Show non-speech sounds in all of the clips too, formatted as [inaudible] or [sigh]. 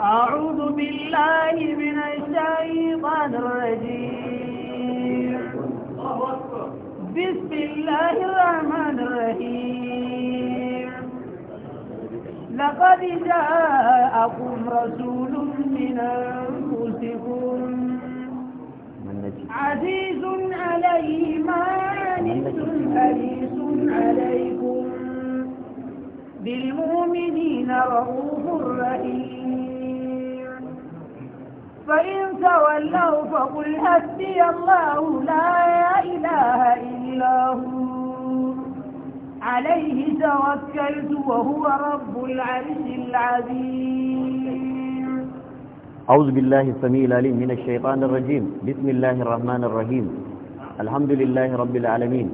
أعوذ بالله من الشيطان الرجيم بسم الله الرحمن الرحيم لقد جاءكم رسول من أنفسكم عزيز عليه ما عنتم حريص عليكم بالمؤمنين رؤوف رحيم فإن تولوا فقل حسبي الله لا إله إلا هو عليه توكلت وهو رب العرش العظيم أعوذ بالله السميع العليم من الشيطان الرجيم بسم الله الرحمن الرحيم الحمد لله رب العالمين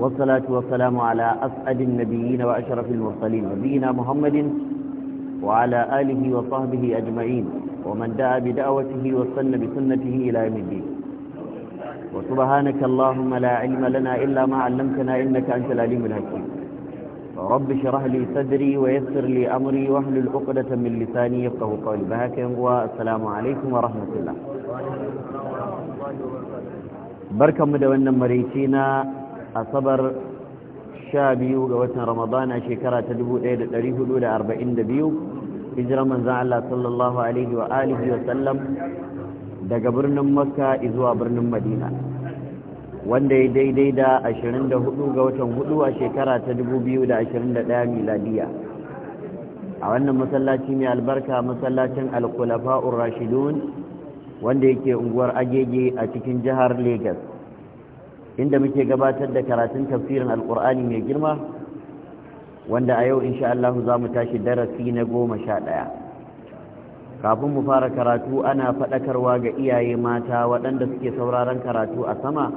والصلاة والسلام على أسعد النبيين وأشرف المرسلين نبينا محمد وعلى آله وصحبه أجمعين ومن دعا بدعوته وصن بسنته إلى يوم الدين وسبحانك اللهم لا علم لنا إلا ما علمتنا إنك أنت العليم الحكيم رب شرح لي صدري ويسر لي أمري واحلل عقدة من لساني يفقه قولي بهاك والسلام عليكم ورحمة الله بركة مدونا مريتينا أصبر sha biyu ga watan ramadana shekara ta 1442 hijirar manzan Allah sallallahu alaihi wa alihi wa sallam daga birnin makka zuwa birnin madina wanda ya daidai da 24 ga watan hudu a shekara ta 2021 miladiya a wannan masallaci mai albarka masallacin alkulafa'ur rashidun wanda yake unguwar agege a cikin jihar Legas, inda muke gabatar da karatun tafsirin alkur'ani mai girma wanda a yau insha Allah za mu tashi darasi na goma sha ɗaya kafin mu fara karatu ana faɗakarwa ga iyaye mata waɗanda suke sauraron karatu a sama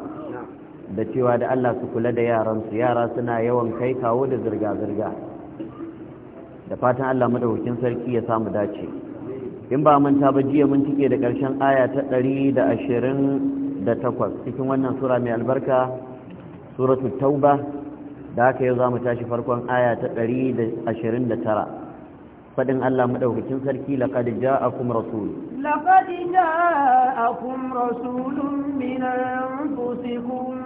da cewa da Allah su kula da yaransu yara suna yawan kai kawo da zirga-zirga da fatan Allah madaukakin sarki ya samu dace in ba manta ba jiya mun tike da ƙarshen aya ta ɗari da ashirin da takwas cikin wannan sura mai albarka suratul tauba da haka yau za mu tashi farkon aya ta 129 fadin Allah madaukakin sarki laqad ja'akum rasul laqad ja'akum rasulun min anfusikum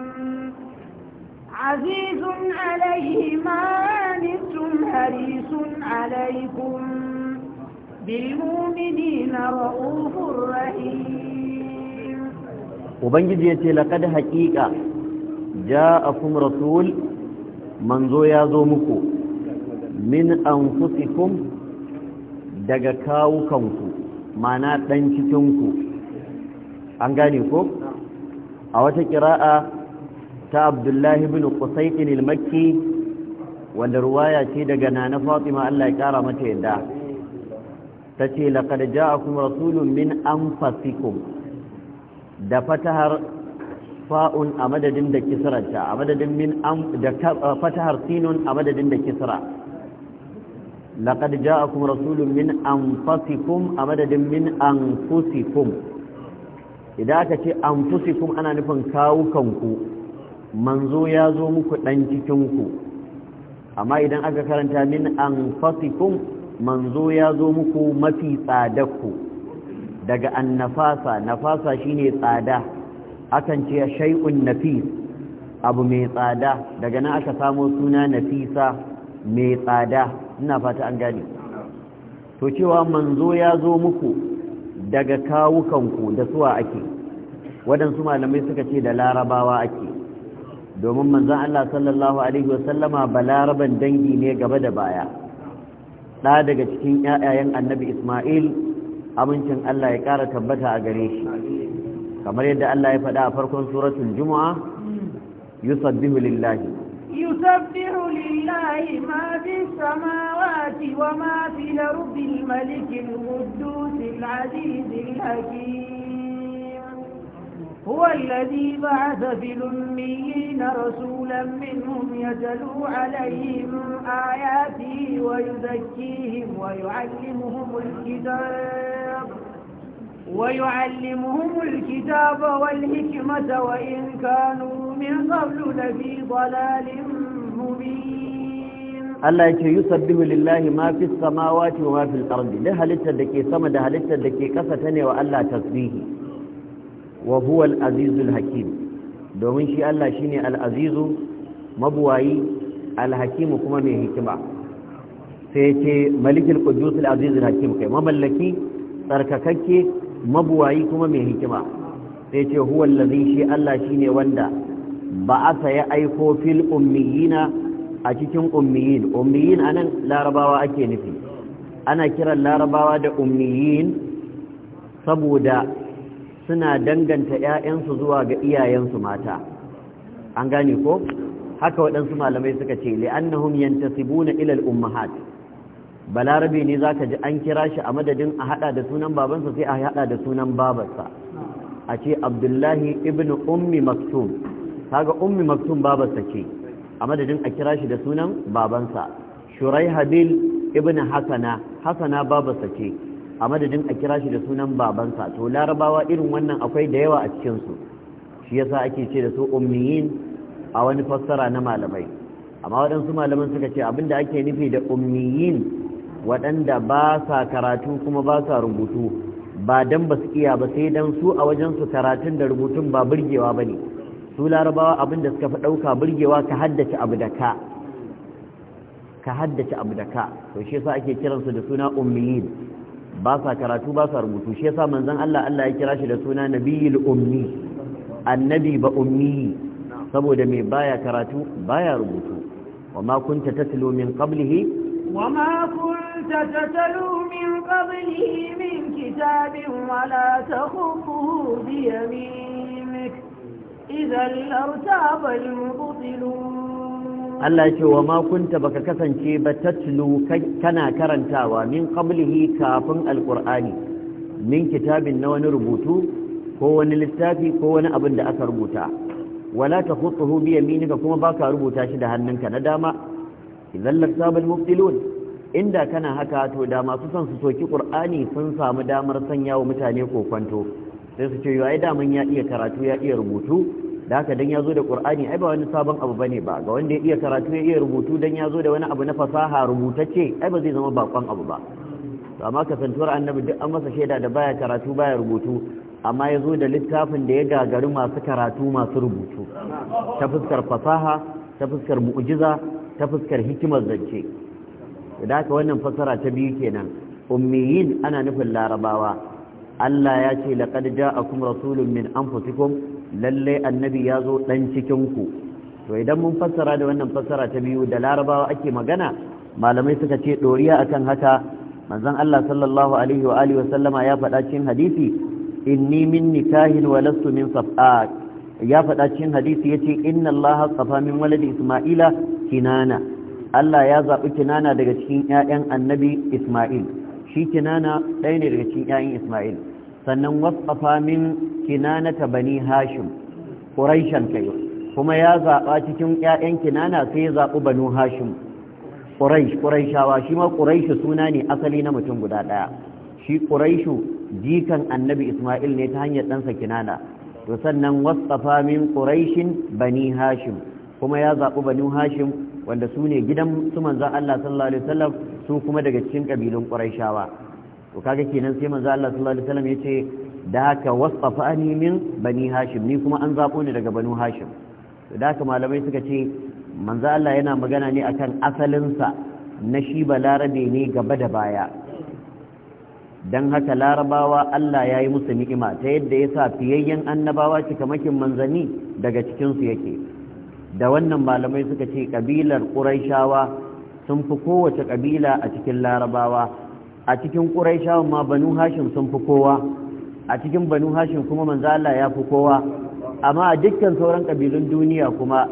azizun alayhi ma antum harisun alaykum بالمؤمنين رؤوف رحيم وبنجي يتي لقد حقيقة جاءكم رسول manzo ya zo muku min anfusikum daga kawukanku mana ɗan cikinku an gane ko a wata ƙira'a ta abdullahi bin qusaytin ilmaki wanda ruwaya ce daga nana fatima Allah ya kara mata yadda ta tace a kuma rasulun min anfusikum da fatahar fa'un a madadin da kisranta a madadin min am da fatahar sinun a madadin da kisra laqad ja'akum rasulun min anfusikum a madadin min anfusikum idan aka ce anfusikum ana nufin kawukanku manzo ya zo muku dan cikinku amma idan aka karanta min anfusikum manzo ya zo muku mafi tsadakku daga annafasa nafasa shine tsada akan ce Shai'un nafis abu mai tsada daga nan aka samo suna nafisa mai tsada ina fata an gane to cewa manzo ya zo muku daga kawukanku da suwa ake waɗansu malamai suka ce da larabawa ake domin manzan Allah sallallahu Alaihi wasallama ba laraban dangi ne gaba da baya ɗa daga cikin ‘ya'yayen annabi Ismail amincin Allah ya ƙara tabbata a gare shi kamar yadda Allah ya faɗa a farkon suratul juma'a yusabbihu lillahi yusabbihu lillahi ma fis samawati wa ma fil ardi al-malik al-quddus al-aziz al-hakim huwa alladhi ba'atha fil الذي rasulan minhum yatlu alayhim ayati wa yuzakkihim wa yu'allimuhum al الكتاب ويعلمهم الكتاب والحكمة وإن كانوا من قبل لفي ضلال مبين الله يكي يسبه لله ما في السماوات وما في الأرض لها لتدكي سمد لتدكي كفتني وألا تسبيه وهو العزيز الحكيم domin shi Allah shine al-azizu mabuwayi al-hakim kuma mai hikima sai ce malikul qudus al-aziz al-hakim kai mamallaki tsarkakakke mabuwayi kuma mai hikima sai ce huwa allazi shi Allah shi ne wanda ba'asa ya aiko fil ummiyina a cikin ummiyin ummiyin anan larabawa ake nufi ana kiran larabawa da ummiyin saboda suna danganta 'ya'yansu zuwa ga iyayensu mata an gane ko haka waɗansu malamai suka ce li'annahum yantasibuna ila al-ummahat balarabe ne za ka ji an kira shi a madadin a hada da sunan babansa sai a hada da sunan babarsa a ce abdullahi ibn ummi maktum kaga ummi maktum babarsa ce a madadin a kira shi da sunan babansa shurai habil ibn hasana hasana babarsa ce a madadin a kira shi da sunan babansa to larabawa irin wannan akwai da yawa a cikinsu shi yasa ake ce da su ummiyin a wani fassara na malamai amma waɗansu malaman suka ce abinda ake nufi da ummiyin waɗanda ba sa karatu kuma ba sa rubutu ba dan ba su iya ba sai dan su a wajen su karatun da rubutun ba burgewa ba ne su larabawa abin da suka fi ɗauka burgewa ka haddace abu da ka ka haddace abu da ka to shi yasa ake kiransu da suna ummiyin ba sa karatu ba sa rubutu shi yasa manzon Allah Allah ya kira shi da suna nabiyul ummi annabi ba ummi saboda mai baya karatu baya rubutu wa ma kunta tatlu min qablihi وما كنت تتلو من قبله من كتاب ولا تخطه بيمينك إذا لارتاب المبطلون Allah ce wa ma kunta baka kasance ba tatlu kana karantawa min qablihi kafin alqur'ani min kitabin na wani rubutu ko wani littafi ko wani abin da aka rubuta wala takhutuhu bi yaminika kuma baka rubuta shi da hannunka na dama idan lasabal mubtilun inda kana haka to da masu son su soki qur'ani sun samu damar sanya wa mutane kokwanto sai su ce yayi daman ya iya karatu ya iya rubutu da haka dan yazo da qur'ani ai ba wani sabon abu bane ba ga wanda ya iya karatu ya iya rubutu dan yazo da wani abu na fasaha rubutacce ai ba zai zama bakon abu ba amma kasantuwar annabi duk an masa shaida da baya karatu baya rubutu amma ya zo da littafin da ya gagari masu karatu masu rubutu ta fuskar fasaha ta fuskar mu'ujiza ta fuskar hikimar zance da haka wannan fasara ta biyu kenan ummiyin ana nufin larabawa Allah ya ce laqad ja'akum rasulun min anfusikum lalle annabi ya zo dan cikin ku to idan mun fasara da wannan fasara ta biyu da larabawa ake magana malamai suka ce doriya akan haka manzon Allah sallallahu alaihi wa alihi wa sallama ya faɗa cikin hadisi inni min nikahin wa lastu min saf'a ya faɗa cikin hadisi yace inna Allah safa min waladi isma'ila kinana Allah ya zaɓi kinana daga cikin 'ya'yan annabi Ismail shi kinana ɗaya ne daga cikin 'ya'yan Ismail sannan wasu min kinana ta bani hashim ƙuraishan kai kuma ya zaɓa cikin 'ya'yan kinana sai ya zaɓi banu hashim ƙuraish ƙuraishawa shi ma ƙuraishu suna ne asali na mutum guda ɗaya shi ƙuraishu jikan annabi Ismail ne ta hanyar ɗansa kinana to sannan wasafa min ƙuraishin bani hashim kuma ya zaɓi banu hashim wanda su ne gidan su manzan Allah sallallahu alaihi wasallam su kuma daga cikin ƙabilun ƙurayshawa to kaga kenan sai manzan Allah sallallahu alaihi wasallam yace da haka wasafani min bani hashim ni kuma an zaɓo ni daga banu hashim to da haka malamai suka ce manzan Allah yana magana ne akan asalinsa na shi balarabe ne gaba da baya don haka larabawa Allah ya yi musu ni'ima ta yadda ya sa fiyayyen annabawa cikamakin manzanni daga cikinsu yake da wannan malamai suka ce kabilar ƙuraishawa sun fi kowace kabila a cikin larabawa a cikin ƙuraishawa ma banu hashim sun fi kowa a cikin banu hashim kuma manzo Allah ya fi kowa amma a dukkan sauran kabilun duniya kuma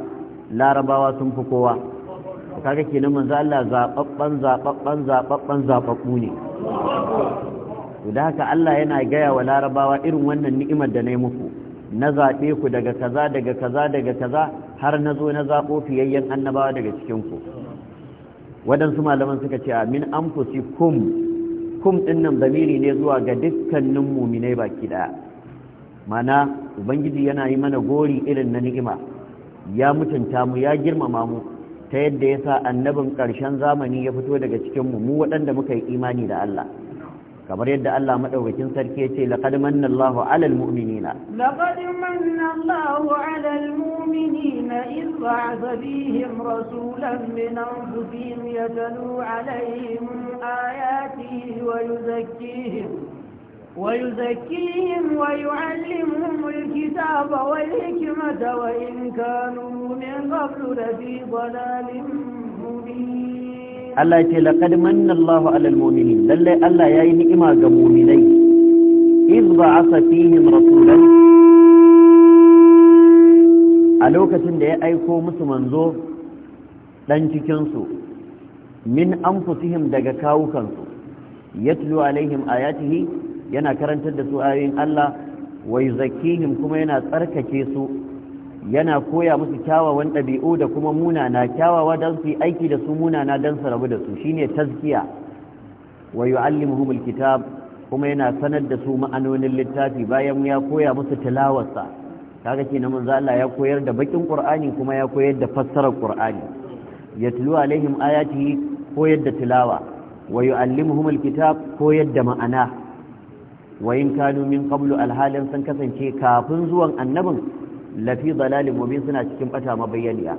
larabawa sun fi kowa kaga kenan manzo Allah zababban zababban zababban zababbu ne da haka Allah yana gaya wa larabawa irin wannan ni'imar da na yi muku na zaɓe ku daga kaza daga kaza daga kaza har na zo na zaɓo fiyayyen annabawa daga cikinku waɗansu malaman suka ce amin an fusi kum kum ɗin nan zamiri ne zuwa ga dukkanin muminai baki ɗaya mana ubangiji yana yi mana gori irin na ni'ima ya mutunta mu ya girmama mu ta yadda ya sa annabin ƙarshen zamani ya fito daga cikinmu mu waɗanda muka yi imani da Allah kamar yadda Allah madaukakin sarki ya ce laqad manna Allahu 'alal mu'minina laqad manna Allahu 'alal mu'minina idh ba'atha bihim rasulan min anfusihim yatlu 'alayhim ayatihi wa yuzakkihim ويزكيهم ويعلمهم الكتاب والحكمة وإن كانوا من قبل لفي ضلال مبين Allah ya ce laqad manna Allahu 'alal mu'minin lalle Allah yayi ni'ima ga mu'minai iz ba'atha fihim rasulan a lokacin da ya aiko musu manzo dan cikin su min anfusihim daga kawukansu yatlu alaihim ayatihi yana karantar da su ayoyin Allah wa yuzakkihim kuma yana tsarkake su yana koya musu kyawawan ɗabi'u da kuma munana kyawawa don su yi aiki da su munana don su rabu da su shine tazkiya wa yu'allimuhumul kitab kuma yana sanar da su ma'anonin littafi bayan ya koya musu tilawarsa kaga kenan manzo Allah ya koyar da bakin Qur'ani kuma ya koyar da fassarar Qur'ani yatlu alaihim ayatihi koyar da tilawa wa yu'allimuhumul kitab koyar da ma'ana wa in kanu min qablu alhalin san kasance kafin zuwan annabin lafi dalalin mubin suna cikin bata mabayyaniya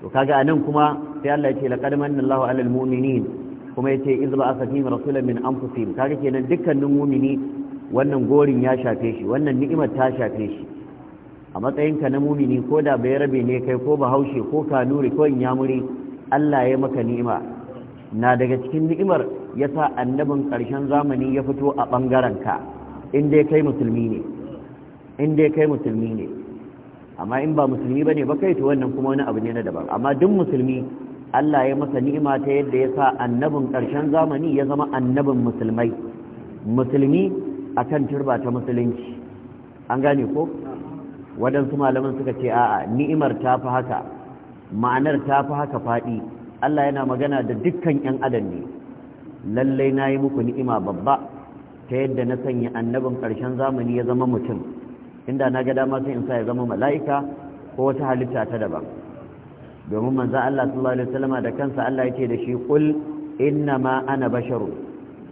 to kaga anan kuma sai Allah ya laqad manna 'alal mu'minin kuma yace iz ba'atha fihim rasulan min anfusihim kaga kenan dukkanin mu'mini wannan gorin ya shafe shi wannan ni'imar ta shafe shi a matsayinka na mumini ko da bai rabe ne kai ko bahaushe ko kanuri ko inyamuri Allah ya maka ni'ima na daga cikin ni'imar ya sa annabin ƙarshen zamani ya fito a ɓangaren ka in dai kai musulmi ne in dai kai musulmi ne amma in ba musulmi bane ba kai to wannan kuma wani abu ne na daban amma duk musulmi Allah ya masa ni'ima ta yadda ya sa annabin ƙarshen zamani ya zama annabin musulmai musulmi akan turba ta musulunci an gane ko waɗansu malaman suka ce a'a ni'imar ta fi haka ma'anar ta fi haka faɗi Allah yana magana da dukkan 'yan adam ne lallai na yi muku ni'ima babba ta yadda na sanya annabin ƙarshen zamani ya zama mutum inda na ga dama sai in sa ya zama mala'ika ko wata halitta ta daban domin manzo Allah sallallahu alaihi wasallam da kansa Allah yake da shi 'Kul! inna ana basharun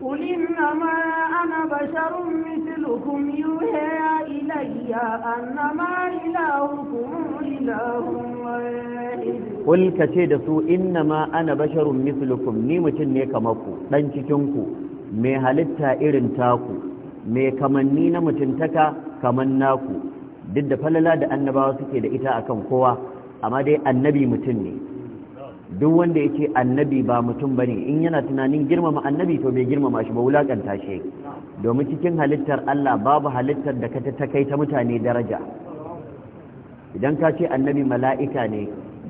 qul inna ma ana basharun mithlukum yuha ilayya annama ilahukum ilahun wahid qul kace da su inna ma ana basharun mithlukum ni mutun ne kamar ku dan cikin ku mai halitta irin taku mai kamanni na mutuntaka kaman naku duk da falala da annabawa suke da ita akan kowa amma dai annabi mutum ne duk wanda yake annabi ba mutum bane in yana tunanin girmama annabi to bai girmama shi ba wulakanta shi domin cikin halittar Allah babu halittar da ka ta kai ta mutane daraja idan ka ce annabi mala'ika ne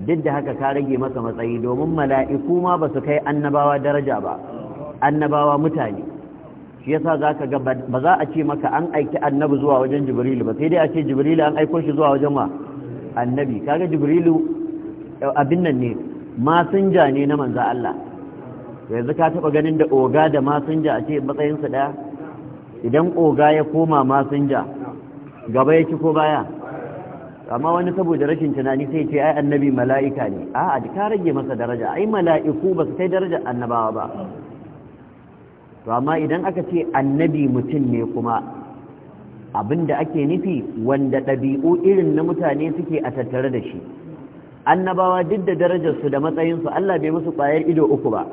duk da haka ka rage masa matsayi domin mala'iku ma ba su kai annabawa daraja ba annabawa mutane shi yasa zaka ga ba za a ce maka an aiki annabi zuwa wajen jibrilu ba sai dai a ce jibrilu an aiko shi zuwa wajen wa annabi kaga jibrilu eh, abin nan ne masinja ne na manzo Allah yanzu ka taba ganin da oga da masinja a ce matsayin su daya idan oga ya koma masinja gaba ya ko baya amma wani saboda rashin tunani sai ce ai annabi mala'ika ne a'a ka rage masa daraja ai mala'iku ba su kai darajar annabawa ba to amma idan aka ce annabi mutum ne kuma abinda ake nufi wanda ɗabi'u irin na mutane suke a tattare da shi annabawa duk da darajarsu da matsayinsu Allah bai musu ƙwayar ido uku ba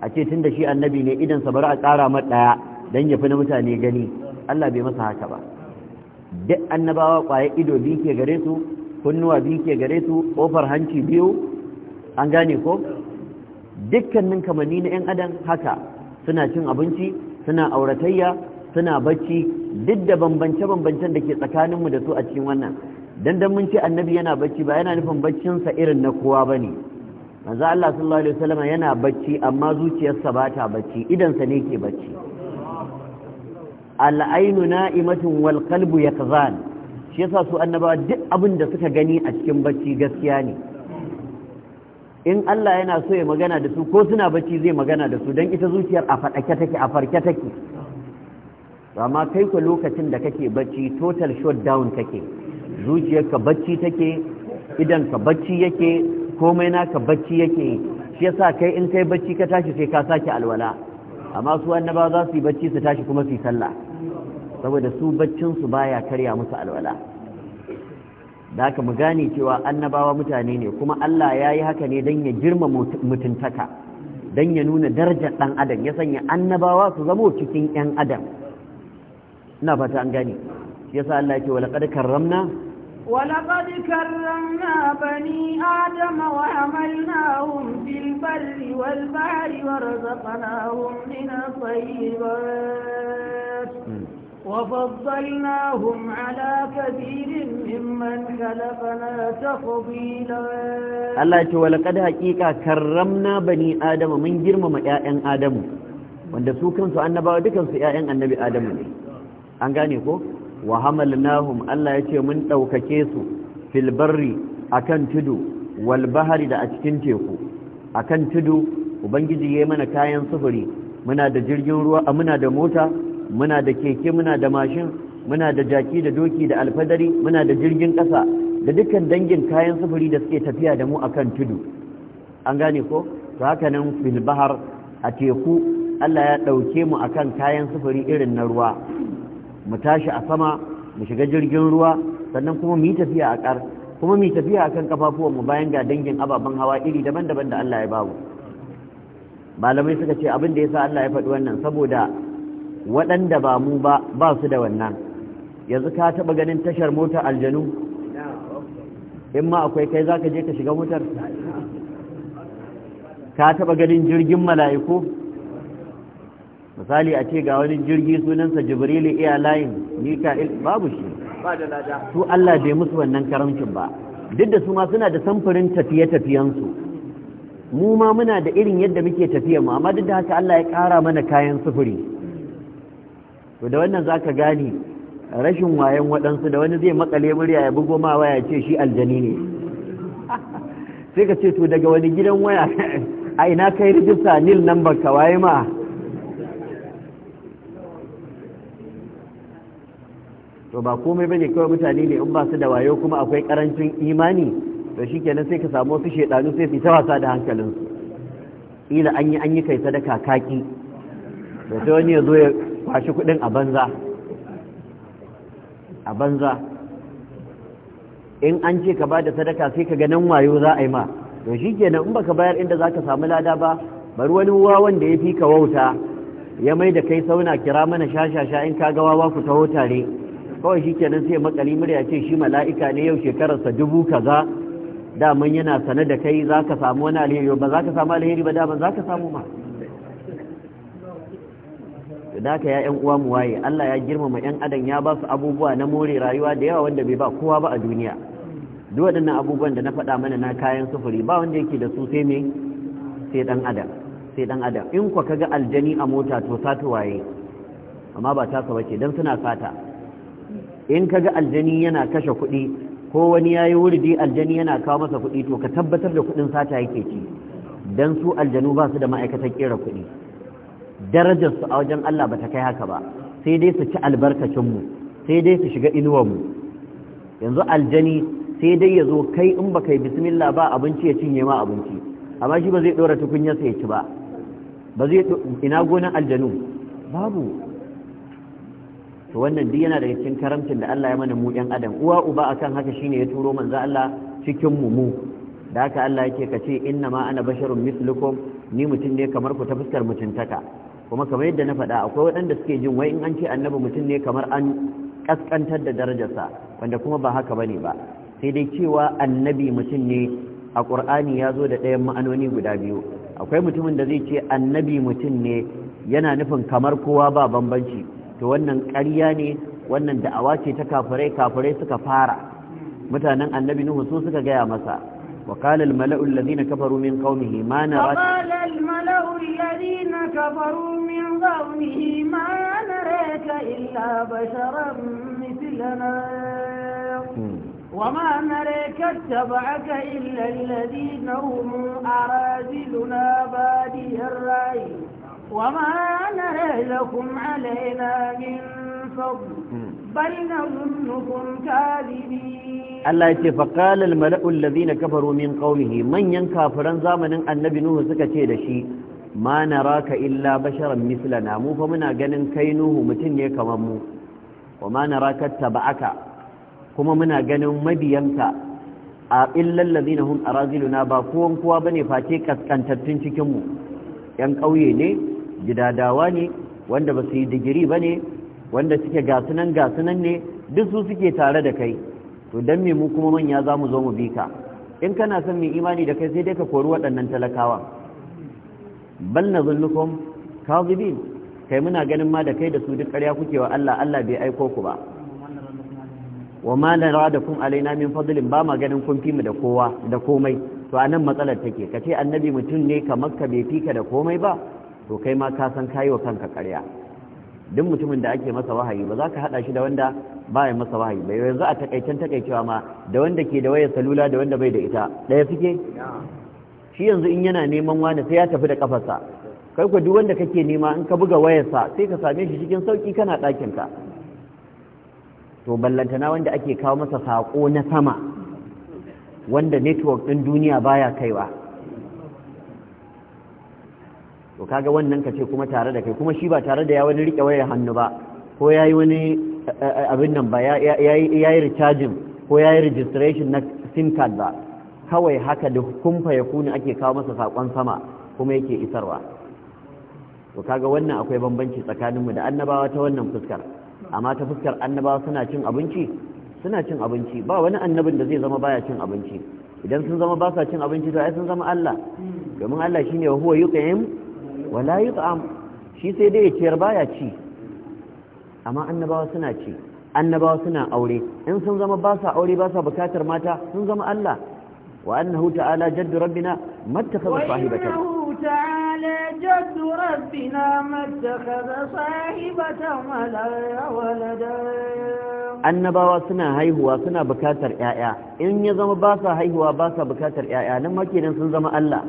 a ce tun da shi annabi ne idansa bari a ƙara mat ɗaya don ya fi na mutane gani Allah bai masa haka ba duk annabawa ƙwayar ido biyu ke gare su kunnuwa biyu ke gare su ƙofar hanci biyu an gane ko dukkanin kamanni na 'yan adam haka suna cin abinci suna auratayya suna bacci duk da bambance-bambancen da ke tsakaninmu da su a cikin wannan dan dan mun ce annabi yana bacci ba yana nufin baccinsa irin na kowa ba ne manzo Allah sallallahu alaihi wasallam yana bacci amma zuciyarsa ba ta bacci idansa ne ke bacci al'ainu na'imatun wal qalbu yaqzan shi yasa su annabawa duk abin da suka gani a cikin bacci gaskiya ne in Allah yana so ya magana da su ko suna bacci zai magana da su don ita zuciyar a faɗake take a farke take amma kai ku lokacin da kake bacci total shutdown kake zuciyarka bacci take idan ka bacci yake komai naka bacci yake shi yasa kai in kai bacci ka tashi sai ka sake alwala amma su annaba za su yi bacci su tashi kuma su yi sallah saboda su baccin su baya karya musu alwala da aka mu gane cewa annabawa mutane ne kuma Allah ya yi haka ne don ya girma mutuntaka don ya nuna darajar ɗan adam ya sanya annabawa su zamo cikin 'yan adam ina fata an gane sa Allah ya ce walaƙar karramna ولقد كرمنا بني آدم وحملناهم في البر والبحر ورزقناهم من الطيبات وفضلناهم على كثير ممن خلقنا تفضيلا الله يقول ولقد حقيقة كرمنا بني آدم من جرم ما يأين آدم wanda su kansu annabawa dukansu ƴaƴan annabi Adamu ne an gane ko wa hamalnahum Allah ce mun ɗaukake su filbarri a kan tudu wal bahari da a cikin teku akan tudu ubangiji yayi mana kayan sufuri muna da jirgin ruwa muna da mota muna da keke muna da mashin muna da jaki da doki da alfadari muna da jirgin ƙasa da dukkan dangin kayan sufuri da suke tafiya da mu akan tudu an gane ko to haka nan fil bahar a teku Allah ya ɗauke mu akan kayan sufuri irin na ruwa mu tashi a sama mu shiga jirgin ruwa sannan kuma mu yi tafiya a ƙar kuma mu yi tafiya akan kafafuwan mu bayan ga dangin ababen hawa iri daban-daban da Allah ya bawo malamai suka ce abin da yasa Allah ya faɗi wannan saboda waɗanda ba mu ba ba su da wannan yanzu ka taɓa ganin tashar mota aljanu in ma akwai kai za ka je ka shiga motar ka taɓa ganin jirgin mala'iku misali a ce ga wani jirgi sunansa jibrilu airline mika'il babu shi su Allah bai musu wannan karamcin ba duk da su ma suna da samfurin tafiye-tafiyensu mu ma muna da irin yadda muke tafiya mu amma duk da haka Allah ya ƙara mana kayan sufuri to da wannan zaka gane rashin wayan waɗansu da wani zai makale murya ya bugo ma waya ce shi aljani ne [laughs] sai ka ce to daga wani gidan waya [laughs] a ina kai rijista nil number ka waye ma to ba komai bane kawai mutane ne in ba su da wayo kuma akwai karancin imani to shikenan sai ka samu wasu shedanu sai su ta wasa da hankalinsu ila an yi an yi kai sadaka kaki da sai wani ya zo ya kwashi kudin a banza a banza in an ce ka ba da sadaka sai ka ganin wayo za a yi ma to shi kenan in baka bayar inda za ka samu lada ba bari wani wawan da ya fi ka wauta ya mai da kai sauna kira mana shashasha in ka ga wawa ku taho tare kawai shi kenan sai makali murya ce shi mala'ika ne yau shekararsa dubu kaza daman yana sane da kai za ka samu wani alheri ba za ka samu alheri ba daman za ka samu ma da daka ya yan uwa mu waye Allah ya girmama yan adam ya ba su abubuwa na more rayuwa da yawa wanda bai ba kowa ba a duniya duk waɗannan abubuwan da na faɗa mana na kayan sufuri ba wanda yake da su sai me sai ɗan adam sai ɗan adam in kwa kaga aljani a mota to sato waye amma ba tasa ce dan suna sata in kaga aljani yana kashe kuɗi ko wani yayi wurdi aljani yana kawo masa kuɗi to ka tabbatar da kuɗin sata yake ci dan su aljanu ba su da ma'aikatan kera kuɗi darajarsu a wajen Allah ba ta kai haka ba sai dai su ci albarkacinmu sai dai su shiga inuwanmu yanzu aljani sai dai ya zo kai in ba kai bismillah ba abinci ya cinye ma abinci amma shi ba zai ɗora tukunyarsa ya ci ba ba zai ina gonan aljanu babu to wannan duk yana daga cikin karamcin da Allah ya mana mu yan adam uwa uba akan haka shine ya turo manzo Allah cikin mu mu da haka Allah yake kace inna ma ana basharun mislukum ni mutum ne kamar ku ta fuskar mutuntaka kuma kamar yadda na faɗa akwai waɗanda suke jin wai in an ce annabi mutum ne kamar an kaskantar da darajarsa wanda kuma ba haka bane ba sai dai cewa annabi mutum ne a ƙur'ani ya zo da ɗayan ma'anoni guda biyu akwai mutumin da zai ce annabi mutum ne yana nufin kamar kowa ba bambanci to wannan ƙarya ne wannan da'awa ce ta kafirai kafirai suka fara mutanen annabi nuhu su suka gaya masa وقال الملأ الذين كفروا من قومه ما نراك وقال الملأ الذين كفروا من قومه ما نراك إلا بشرا مثلنا وما نراك اتبعك إلا الذين هم أراذلنا بادي الرأي وما نرى لكم علينا من فضل بل نظنكم كاذبين Allah ya ce faƙalar mala'ul lazi na kafaru min manyan kafiran zamanin annabi Nuhu suka ce da shi ma na raka illa basharan mislana mu fa muna ganin kai Nuhu mutum ne kamar mu wa ma na raka taba'aka kuma muna ganin mabiyanka a illan lazi na hun araziluna ba kowan kowa ba ne face kaskantattun cikinmu ‘yan ƙauye ne gidadawa ne wanda ba su yi digiri ba ne wanda suke gasunan gasunan ne duk su suke tare da kai to don me mu kuma manya za mu zo mu bi ka in kana son mai imani da kai sai dai ka kori waɗannan talakawa bal na zunukun kazibin kai muna ganin ma da kai da su duk ƙarya kuke wa Allah Allah bai aiko ku ba wa ma nara da kun alaina min fadlin ba ma ganin kun fi mu da kowa da komai to anan matsalar take kace annabi mutum ne kamar ka bai fika da komai ba to kai ma ka san kayi wa kanka karya duk mutumin da ake masa wahayi ba za ka haɗa shi da wanda ba ya masa wahayi bai yanzu a takaicen takaicewa ma da wanda ke da wayar salula da wanda bai da ita daya suke shi yanzu in yana neman wani sai ya tafi da kafarsa kai ku duk wanda kake nema in ka buga wayarsa sai ka same shi cikin sauki kana ka to ballantana wanda ake kawo masa saƙo na sama wanda network ɗin duniya baya kaiwa to kaga wannan ka ce kuma tare da kai kuma shi ba tare da ya wani rike wayar hannu ba ko ya yi wani eh, eh, abin nan ba ya yi recharging ko ya yi registration na sim card ba kawai haka da kumfa ya kuni ake kawo masa saƙon sama kuma yake isarwa to kaga wannan akwai bambanci tsakaninmu da annabawa ta wannan fuskar amma ta fuskar annabawa suna cin abinci suna cin abinci ba wani annabin da zai zama baya cin abinci idan sun zama ba sa cin abinci to ai sun zama Allah hmm. domin Allah shine huwa yuqim wala yi yut'am shi sai dai ya ciyar baya ci amma annabawa suna ci annabawa suna aure in sun zama ba sa aure ba sa bukatar mata sun zama Allah wa annahu ta'ala jaddu rabbina mattakhadha sahibatan تعالى جد ربنا annabawa suna haihuwa suna bukatar 'ya'ya in ya zama ba sa haihuwa ba sa bukatar 'ya'ya nan ma sun zama Allah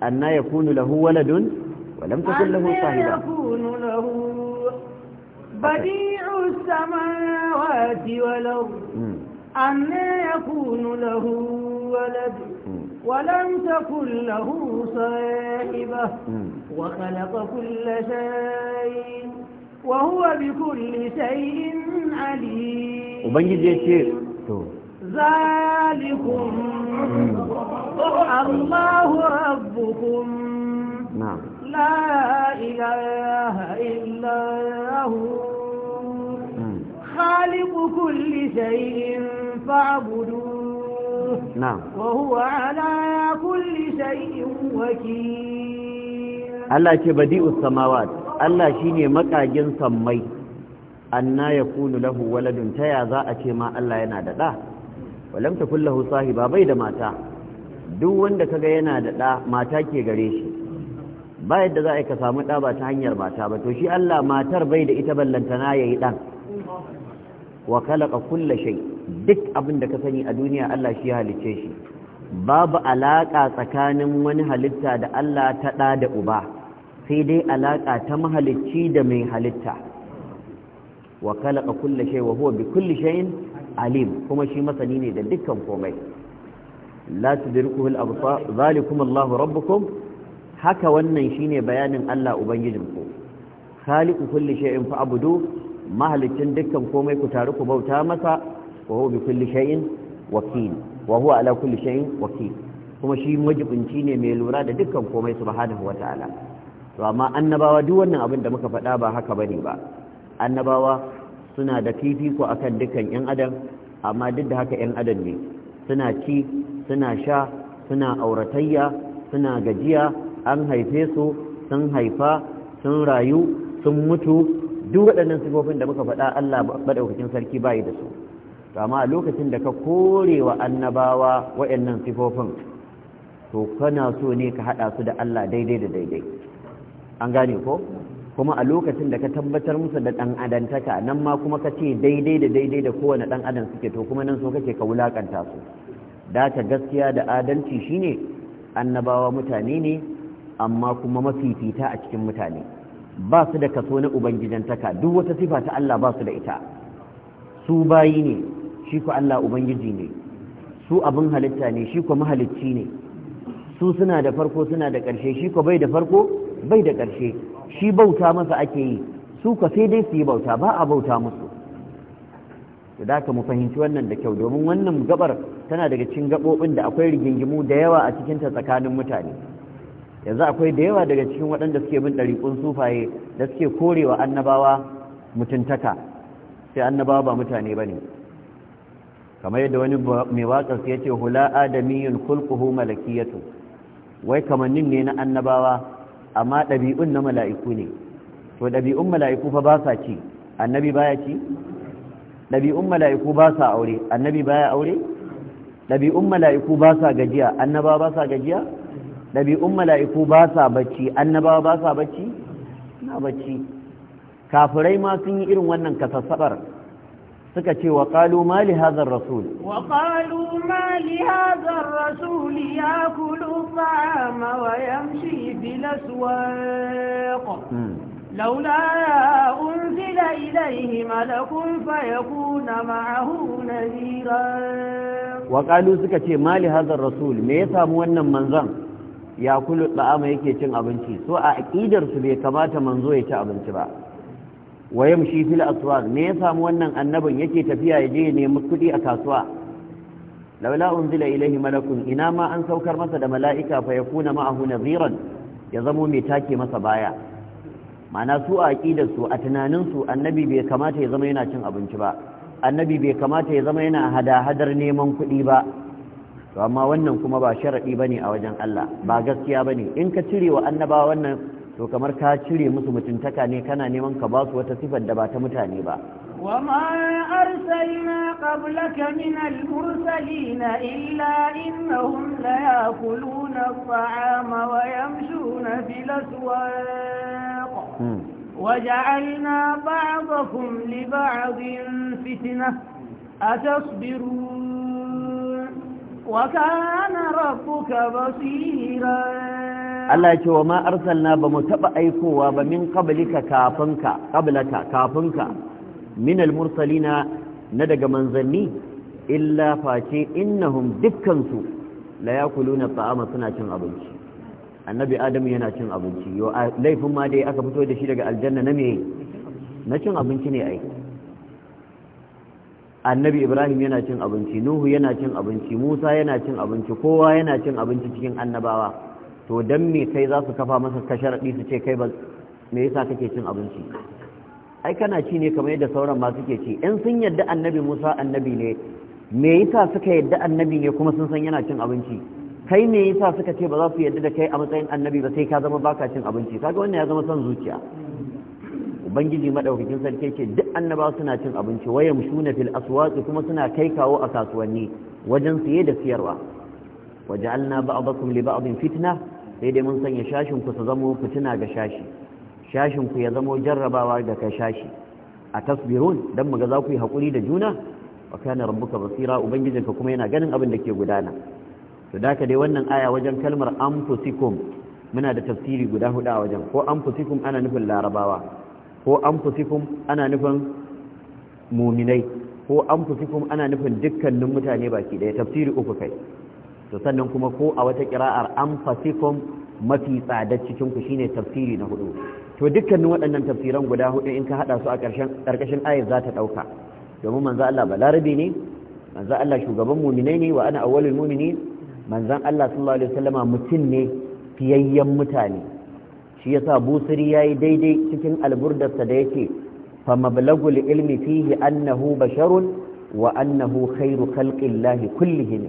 anna yakunu lahu waladun wa lam takul lahu sahiba بديع السماوات والأرض أنا يكون له ولد ولم تكن له صاحبة وخلق كل شيء وهو بكل شيء عليم وبنجي يا شيخ ذلكم الله ربكم نعم لا إله إلا هو خالق كل شيء فاعبدوه نعم وهو على كل شيء وكيل الله كبديء السماوات الله شيني مكاجن سمي أنا يكون له ولد تيا ذا أكما الله ينادى ولم تكن له صاحبا بيد ماتا duk wanda ka ga yana da ɗa mata ke gare shi ba yadda za a yi ka samu ɗa ba ta hanyar mata ba to shi Allah matar bai da ita ballantana ya yi ɗan wa kalaka kulla shai duk abin da ka sani a duniya Allah shi halicce shi babu alaƙa tsakanin wani halitta da Allah ta ɗa da uba sai dai alaƙa ta mahalicci da mai halitta wa kalaka kulla shai wa huwa bi kulli shay'in alim kuma shi masani ne da dukkan komai la tudrikuhu al-absar zalikum Allahu rabbukum haka wannan shine bayanin Allah ubangijinku khaliqu kulli shay'in fa'budu mahalicin dukkan komai ku taru ku bauta masa wa huwa bi kulli shay'in wakil wa huwa ala kulli shay'in wakil kuma shi majibinci ne mai lura da dukkan komai subhanahu wataala to amma annabawa duk wannan abin da muka faɗa ba haka bane ba annabawa suna da fifiko akan dukkan yan adam amma duk da haka yan adam ne suna ci suna sha suna auratayya suna gajiya an haife su sun haifa sun rayu sun mutu duk waɗannan sifofin da muka faɗa Allah baɗaukakin sarki bayi da su to amma a lokacin da ka kore wa annabawa waɗannan sifofin to kana so ne ka haɗa su da Allah daidai da daidai an gane ko kuma a lokacin da ka tabbatar musu da ɗan adantaka nan ma kuma ka ce daidai da daidai da kowane ɗan adam suke to kuma nan so kake ka wulaƙanta su data gaskiya da adalci shine annabawa mutane ne amma kuma mafifita a cikin mutane ba su da kaso na ubangijantaka duk wata sifa ta Allah ba su da ita su bayi ne shi ku Allah ubangiji ne su abin halitta ne shi ku mahalicci ne su suna da farko suna da ƙarshe shi ku bai da farko bai da ƙarshe shi bauta masa ake yi su ka sai dai su yi bauta ba a bauta musu da ka mu fahimci wannan da kyau domin wannan gabar tana daga cikin gaɓoɓin da akwai rigingimu da yawa a cikinta tsakanin mutane yanzu akwai da yawa daga cikin waɗanda suke bin ɗariƙun sufaye da suke korewa annabawa mutuntaka sai annabawa ba mutane ba ne kamar yadda wani mai waƙar ya ce hula adamiyun kulkuhu malakiyatu wai kamannin ne na annabawa amma ɗabi'un na mala'iku ne to ɗabi'un mala'iku fa ba sa ci annabi baya ci ɗabi'un mala'iku ba sa aure annabi baya aure ɗabi'un mala'iku ba sa gajiya annaba ba sa gajiya ɗabi'un mala'iku ba sa bacci annaba ba sa bacci na bacci kafirai ma sun yi irin wannan kasassabar suka ce wa qalu ma li hadha ar-rasul wa qalu ma li hadha ar-rasul ya'kulu ta'ama wa yamshi bil aswaq hmm. لولا أنزل إليه ملك فيكون معه نذيرا وقالوا سكتي ما لهذا الرسول ما يسامو أن منظم يأكل الطعام يكي تن أبنتي سواء إيدر سبيه كما تمنزو يتا أبنتي با ويمشي في الأسواق ما يسامو أن النبي يكي تفيا يجيني مكتي أكاسوا لولا أنزل إليه ملك إنما أن سوكر مسد ملائكة فيكون معه نذيرا يظمو ميتاكي مسبايا mana su a aƙidarsu a tunaninsu annabi bai kamata ya zama yana cin abinci ba annabi bai kamata ya zama yana hada-hadar neman kuɗi ba to amma wannan kuma ba sharaɗi ba ne a wajen Allah ba gaskiya ba ne in ka cire wa annaba wannan to kamar ka cire musu mutuntaka ne kana neman ka ba su wata sifar da ba ta mutane ba وما أرسلنا قبلك من المرسلين إلا إنهم ليأكلون الطعام ويمشون في الأسواق Hmm. وجعلنا بعضكم لبعض فتنة أتصبرون وكان ربك بصيرا Allah ya ce wa ma arsalna ba mu taɓa aikowa ba min qablika kafinka qablaka kafinka min al na daga manzanni illa face innahum dukkan su la yakuluna ta'ama suna cin abinci annabi adamu yana cin abinci yo laifin ma dai aka fito da shi daga aljanna na me na cin abinci ne ai annabi ibrahim yana cin abinci nuhu yana cin abinci musa yana cin abinci kowa yana cin abinci cikin annabawa to dan me kai za su kafa masa kasharadi su ce kai ba me yasa kake cin abinci ai kana ci ne kamar yadda sauran ma suke ci in sun yadda annabi musa annabi ne me yasa suka yadda annabi ne kuma sun san yana cin abinci kai me yasa suka ce ba za su yarda da kai a matsayin annabi ba sai ka zama baka cin abinci kaga wannan ya zama son zuciya ubangiji madaukakin sarki ce duk annabawa suna cin abinci waya mushuna fil aswaqi kuma suna kai kawo a kasuwanni wajen siye da siyarwa waja'alna ba'dakum li ba'din fitna sai dai mun sanya shashin ku su zamo fitina ga shashi shashin ku ya zamo jarrabawa ga kai shashi a tasbirun dan ga za ku yi hakuri da juna wa kana rabbuka basira ubangijinka kuma yana ganin abin da ke gudana to da dai wannan aya wajen kalmar anfusikum muna da tafsiri guda hudu a wajen ko anfusikum ana nufin larabawa ko anfusikum ana nufin muminai ko anfusikum ana nufin dukkanin mutane baki daya tafsiri uku kai to sannan kuma ko a wata kira'ar anfusikum mafi tsadar cikin ku shine tafsiri na hudu to dukkanin waɗannan tafsiran guda hudu in ka hada su a ƙarshen ƙarƙashin ayar za ta ɗauka. domin manzo Allah balarabi ne manzo Allah shugaban muminai ne wa ana awwalul muminin manzan Allah sallallahu alaihi wasallama mutum ne fiyayyen mutane shi yasa busiri yayi daidai cikin alburdarsa da yake fa mablagul ilmi fihi annahu basharun wa annahu khairu khalqillahi kullihim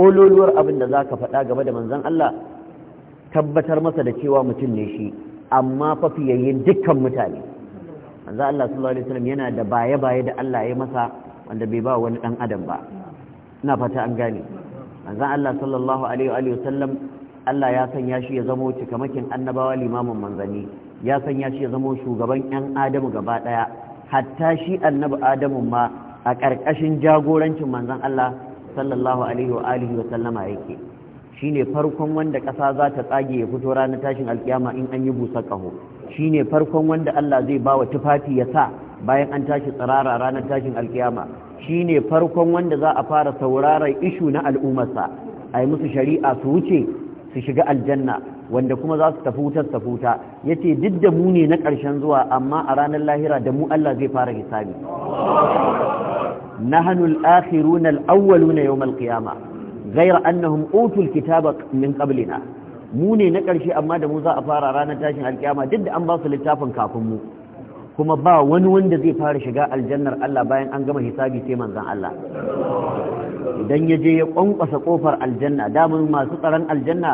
Ololuwar abin da zaka faɗa game da manzan Allah tabbatar masa da cewa mutum ne shi amma fa fiyayyen dukkan mutane manzan Allah sallallahu alaihi wasallam yana da baye-baye da Allah ya masa wanda bai ba wani dan adam ba ina fata an gane manzan Allah sallallahu alaihi Allah ya sanya shi ya zamo cikamakin annabawa limamin manzanni ya sanya shi ya zamo shugaban ƴan adamu gaba ɗaya hatta shi annabi adamu ma a ƙarƙashin jagorancin manzan Allah sallallahu alaihi wa alihi wa yake farkon wanda ƙasa za ta tsage ya fito ranar tashin alkiyama in an yi busar ƙaho shine farkon wanda Allah zai bawa tufafi ya sa bayan an tashi tsirara ranar tashin alkiyama shine farkon wanda za a fara sauraron ishu na al'ummarsa a yi musu shari'a su wuce su shiga aljanna wanda kuma za su tafi wutar tafi ya ce duk da mu ne na ƙarshen zuwa amma a ranar lahira da mu Allah zai fara hisabi nahnu al-akhiruna al-awwaluna yawm al-qiyama ghayra annahum utul kitaba min qablina mu ne na ƙarshe amma da mu za a fara ranar tashin alkiyama duk da an ba su littafin kafin mu kuma ba wani wanda zai fara shiga aljannar Allah bayan an gama hisabi sai manzan Allah idan ya je ya kwankwasa kofar aljanna damun masu tsaron aljanna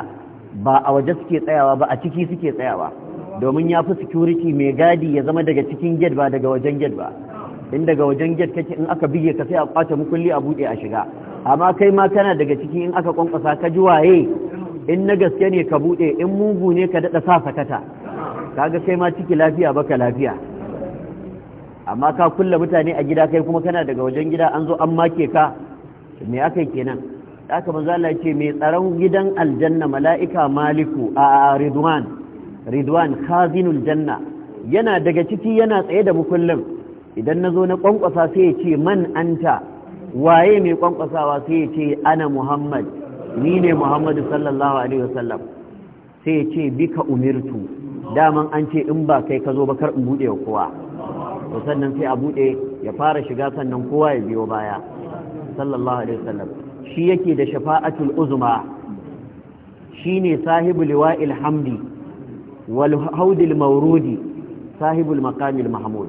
ba a waje suke tsayawa ba a ciki suke tsayawa domin ya fi security mai gadi ya zama daga cikin gate ba daga wajen gate ba in daga wajen gate kake in aka bige ka sai a kwace mukulli a buɗe a shiga amma kai ma kana daga ciki in aka kwankwasa ka ji waye in na gaske ne ka buɗe in mugu ne ka daɗa sa sakata kaga kai ma ciki lafiya baka lafiya amma ka kulle mutane a gida kai kuma kana daga wajen gida an zo an make ka me aka kenan haka manzo Allah ce mai tsaron gidan aljanna mala'ika maliku a ridwan ridwan khazinul janna yana daga ciki yana tsaye da mukullin idan nazo na kwankwasa sai ya ce man anta waye mai kwankwasawa sai ya ce ana muhammad ni ne muhammadu sallallahu alaihi wasallam sai ya ce bika umirtu daman an ce in ba kai ka zo ba kar in bude wa kowa to sannan sai a buɗe ya fara shiga sannan kowa ya biyo baya sallallahu alaihi wasallam shi yake da shafa'atul uzma shine sahibul liwa'il hamdi wal haudil mawrudi sahibul maqamil mahmud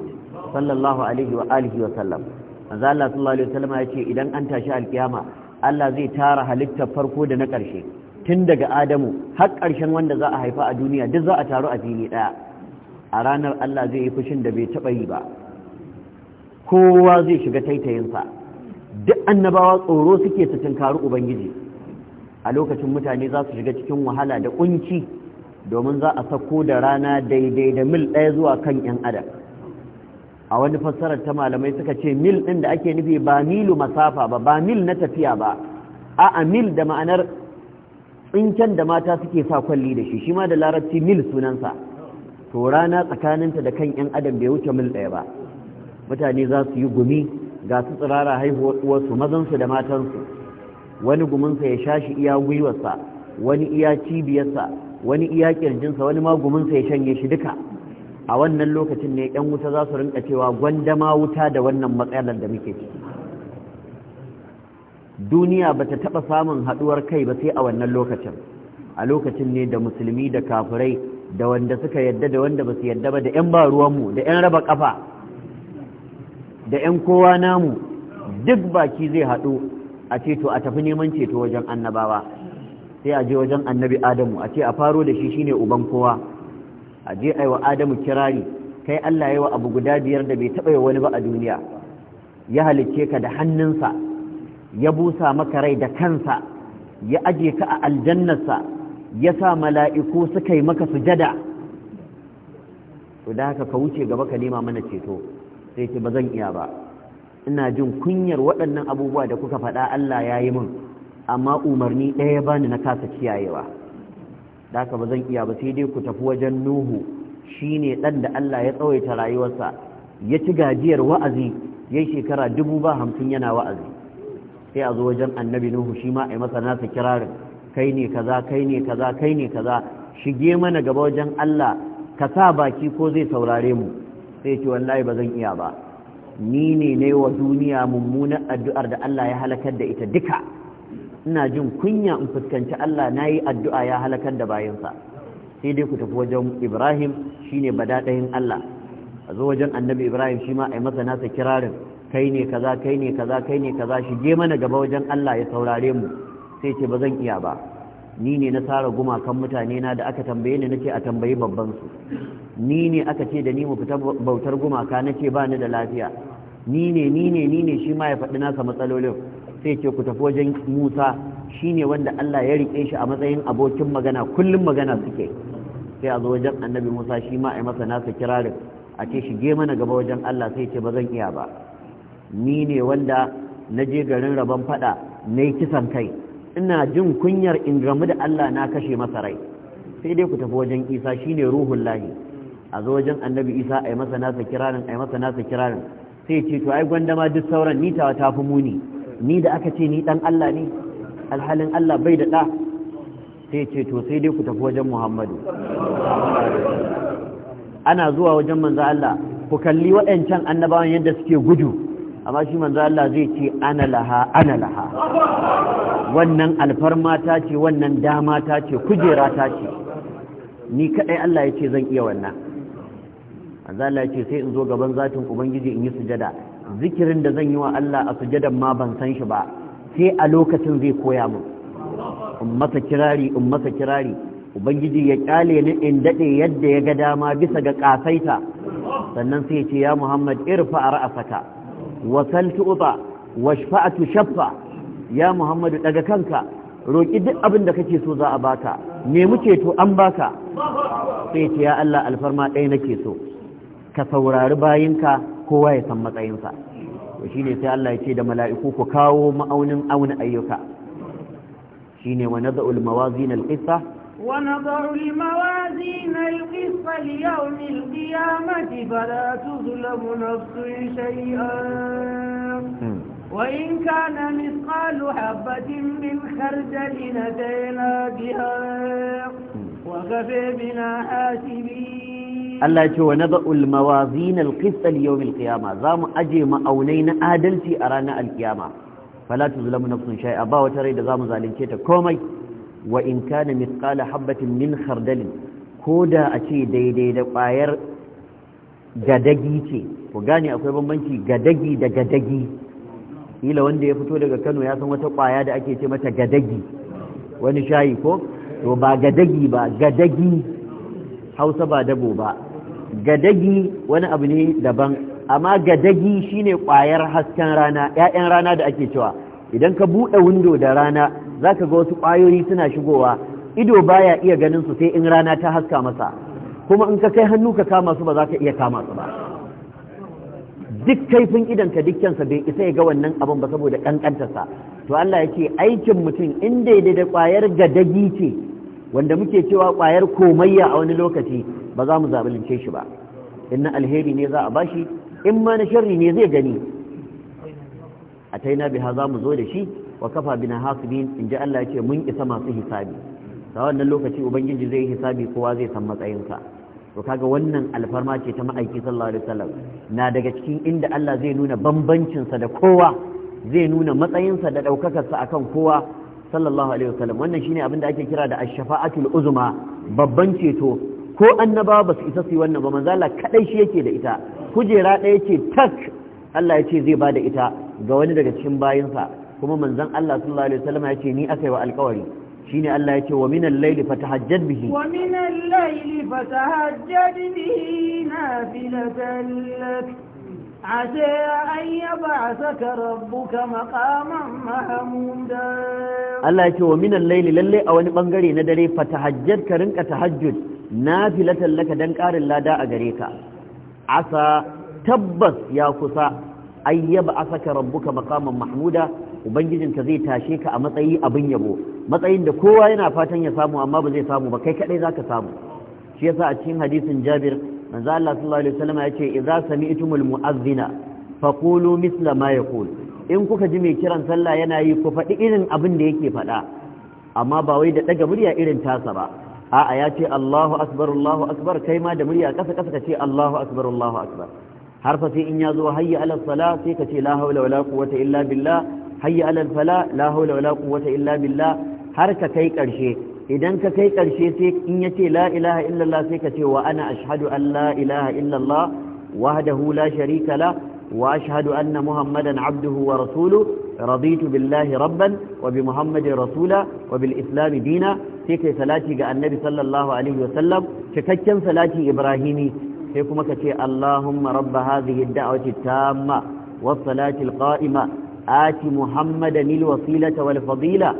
sallallahu alaihi wa alihi wa sallam manzo Allah sallallahu alaihi wasallam ya idan an tashi alkiyama Allah zai tara halittar farko da na ƙarshe tun daga Adamu har ƙarshen wanda za a haifa a duniya duk za a taru a fili ɗaya a ranar Allah zai yi fushin da bai taɓa yi ba kowa zai shiga taitayinsa duk annabawa tsoro suke su tunkari ubangiji a lokacin mutane za su shiga cikin wahala da kunci domin za a sako da rana daidai da mil ɗaya zuwa kan 'yan adam a wani fassarar ta malamai suka ce mil ɗin da ake nufi ba milu masafa ba ba mil na tafiya ba a mil da ma'anar tsinken da mata suke sa kwalli da shi shi ma da larabci mil sunansa to rana tsakaninta da kan 'yan adam bai wuce mil ɗaya ba mutane za su yi gumi ga su tsirara haihuwar uwarsu mazansu da matansu wani guminsa ya sha shi iya gwiwarsa wani iya cibiyarsa wani iya kirjinsa wani ma guminsa ya shanye shi duka a wannan lokacin ne 'yan wuta za su rinka cewa gwandama wuta da wannan matsalar da muke ciki duniya ba ta taɓa samun haɗuwar kai ba sai a wannan lokacin a lokacin ne da musulmi da kafirai da wanda suka yadda da wanda ba su yadda ba da 'yan ba ruwanmu da 'yan raba kafa da 'yan kowa namu duk baki zai haɗu a ceto a tafi neman ceto wajen annabawa sai a je wajen annabi adamu a ce a faro da shi shine uban kowa a je a adamu kirari kai allah ya wa abu guda biyar da bai taɓa yi wani ba a duniya ya halicce ka da hannunsa ya busa maka rai da kansa ya aje ka a aljannarsa ya sa mala'iku suka yi maka sujada to da haka ka wuce gaba ka nema mana ceto sai ce ba zan iya ba ina jin kunyar waɗannan abubuwa da kuka faɗa Allah ya yi min amma umarni ɗaya ya bani na kasa kiyayewa da haka ba zan iya ba sai dai ku tafi wajen nuhu shi ne ɗan da Allah ya tsawaita rayuwarsa ya ci gajiyar wa'azi ya shekara dubu ba hamsin yana wa'azi sai a zo wajen annabi nuhu shi ma a yi masa nasa kirarin kai ne kaza kai ne kaza kai ne kaza shige mana gaba wajen Allah ka sa baki ko zai saurare mu sai ce wallahi ba zan iya ba ni ne ne wa duniya mummunan addu'ar da Allah ya halakar da ita duka ina jin kunya in fuskanci Allah nayi addu'a ya halakar da bayansa sai dai ku tafi wajen Ibrahim shi ne Allah a zo wajen annabi Ibrahim shi ma a masa nasa kirarin kai ne kaza kai ne kaza kai ne kaza shige mana gaba wajen Allah ya saurare mu sai ce ba zan iya ba ni ne na tsara gumakan mutane na da aka tambaye ni nace a tambayi babban su ni ne aka ce da ni mu fita bautar gumaka nace ba ni da lafiya ni ne ni ne ni ne shi ma ya faɗi nasa matsalolin sai ce ku tafi wajen Musa shi ne wanda Allah ya rike shi a matsayin abokin magana kullum magana suke sai a zo wajen annabi Musa shi ma a masa nasa kirarin a ce shige mana gaba wajen Allah sai ce ba zan iya ba ni ne wanda na je garin rabon faɗa na yi kisan kai ina jin kunyar in gamu da Allah na kashe masa rai sai dai ku tafi wajen isa shine ruhun lahi a zo wajen annabi isa a yi masa nasa kirarin a yi masa nasa kirarin sai ce to ai gwanda ma duk sauran ni tawa ta fi muni ni da aka ce ni dan Allah ne alhalin Allah bai da ɗa sai ce to sai dai ku tafi wajen muhammadu ana zuwa wajen manzo Allah ku kalli waɗancan annabawan yadda suke gudu amma shi manzo Allah zai ce ana laha ana laha wannan alfarma ta ce wannan dama ta ce kujera ta ce ni kaɗai Allah ya ce zan iya wannan azala ce sai in zo gaban zatin ubangiji in yi sujada zikirin da zan yi wa Allah a sujadan ma ban san shi ba sai a lokacin zai koya min in masa kirari in masa kirari ubangiji ya kyale ni in daɗe yadda ya ga dama bisa ga kasaita sannan sai ya ce ya Muhammad irfa ra'asaka wa sal washfa'atu shaffa ya muhammadu daga kanka roƙi duk abin da kake so za a baka nemi ceto an baka sai ce ya Allah alfarma ɗaya nake so ka saurari bayinka kowa ya san matsayinsa to shine sai Allah ya ce da mala'iku ku kawo ma'aunin auna ayyuka shine wa nad'ul mawazin al-qissa ونضع الموازين القسط ليوم القيامة فلا تظلم نفس شيئا وإن كان مثقال حبة من خردل أتينا بها وكفى بنا حاسبين الله يقول ونضع الموازين القسط ليوم القيامة زام أجي ما أونين آدل في أرانا القيامة فلا تظلم نفس شيئا با وتريد زام ظالم كيتا كومي وإن كان مثقال حبة من خردل كودا أشي دي دي دي قاير gadagi ce ku gane akwai bambanci gadagi da gadagi kila wanda ya fito daga Kano ya san wata kwaya da ake ce mata gadagi wani shayi ko to ba gadagi ba gadagi Hausa ba dabo ba gadagi wani abu ne daban amma gadagi shine kwayar hasken rana ya'yan rana da ake cewa idan ka buɗe window da rana zaka ga wasu kwayoyi suna shigowa ido baya iya ganin su sai in rana ta haska masa kuma in ka kai hannu ka kama su ba za ka iya kama su ba duk kaifin idanka dukkansa bai isa ya ga wannan abin ba saboda kankantarsa to Allah ya ce aikin mutum in daidai da kwayar gadagi ce wanda muke cewa kwayar komayya a wani lokaci ba za mu zalunce shi ba in na alheri ne za a bashi in ma na sharri ne zai gani a taina biha za mu zo da shi wa kafa bina hasibin in ji Allah ya ce mun isa masu hisabi a wannan lokaci ubangiji zai yi hisabi kowa zai san matsayinsa to kaga wannan alfarma ce ta ma'aiki sallallahu alaihi wasallam na daga cikin inda Allah zai nuna bambancinsa da kowa zai nuna matsayinsa da ɗaukakarsa akan kowa sallallahu alaihi wasallam wannan shine abin da ake kira da ash-shafa'atul uzma babban ceto ko annaba ba su isa su wannan ba manzo Allah kadai shi yake da ita kujera ɗaya ce tak Allah ya ce zai ba da ita ga wani daga cikin bayinsa kuma manzon Allah sallallahu alaihi wasallam ya ce ni aka yi wa alƙawari Shin ne Allah ya ce wa minan laili fata hajjad bihi Ase an yi ba a saka rabuka makaman mahamudan Allah ya ce wa minan laili lalle a wani bangare na dare fata ka rinka ta hajjud na filatan laka don karin lada a gare ka. Asa tabbas ya kusa an yi ba a saka rabuka makaman Mahmuda. ubangijinka zai tashe ka a matsayi abin yabo matsayin da kowa yana fatan ya samu amma ba zai samu ba kai kadai zaka samu shi yasa a cikin hadisin Jabir manzo Allah sallallahu alaihi wasallam ya ce idza sami'tumul mu'azzina faqulu mithla ma yaqul in kuka ji mai kiran sallah yana yi ku faɗi irin abin da yake faɗa amma ba wai da daga murya irin tasa ba a'a ya ce Allahu akbar Allahu akbar kai ma da murya kasa kasa ka ce Allahu akbar Allahu akbar har fa sai in ya zo hayya ala sala sai ka ce la hawla wala quwwata illa billah hayya alal fala la haula wala quwwata illa billah har ka kai karshe idan ka kai karshe sai in yace la ilaha illallah sai ka ce wa ana ashhadu an la ilaha illallah wahdahu la sharika la wa ashhadu anna muhammadan abduhu wa rasulu raditu billahi rabban wa bi muhammadin rasula wa bil islam dina sai kai salati ga annabi sallallahu alaihi sallam cikakken salati ibrahimi sai kuma ka ce allahumma rabba hadhihi ad-da'wati tamma was salati qaima آت محمدا الوسيلة والفضيلة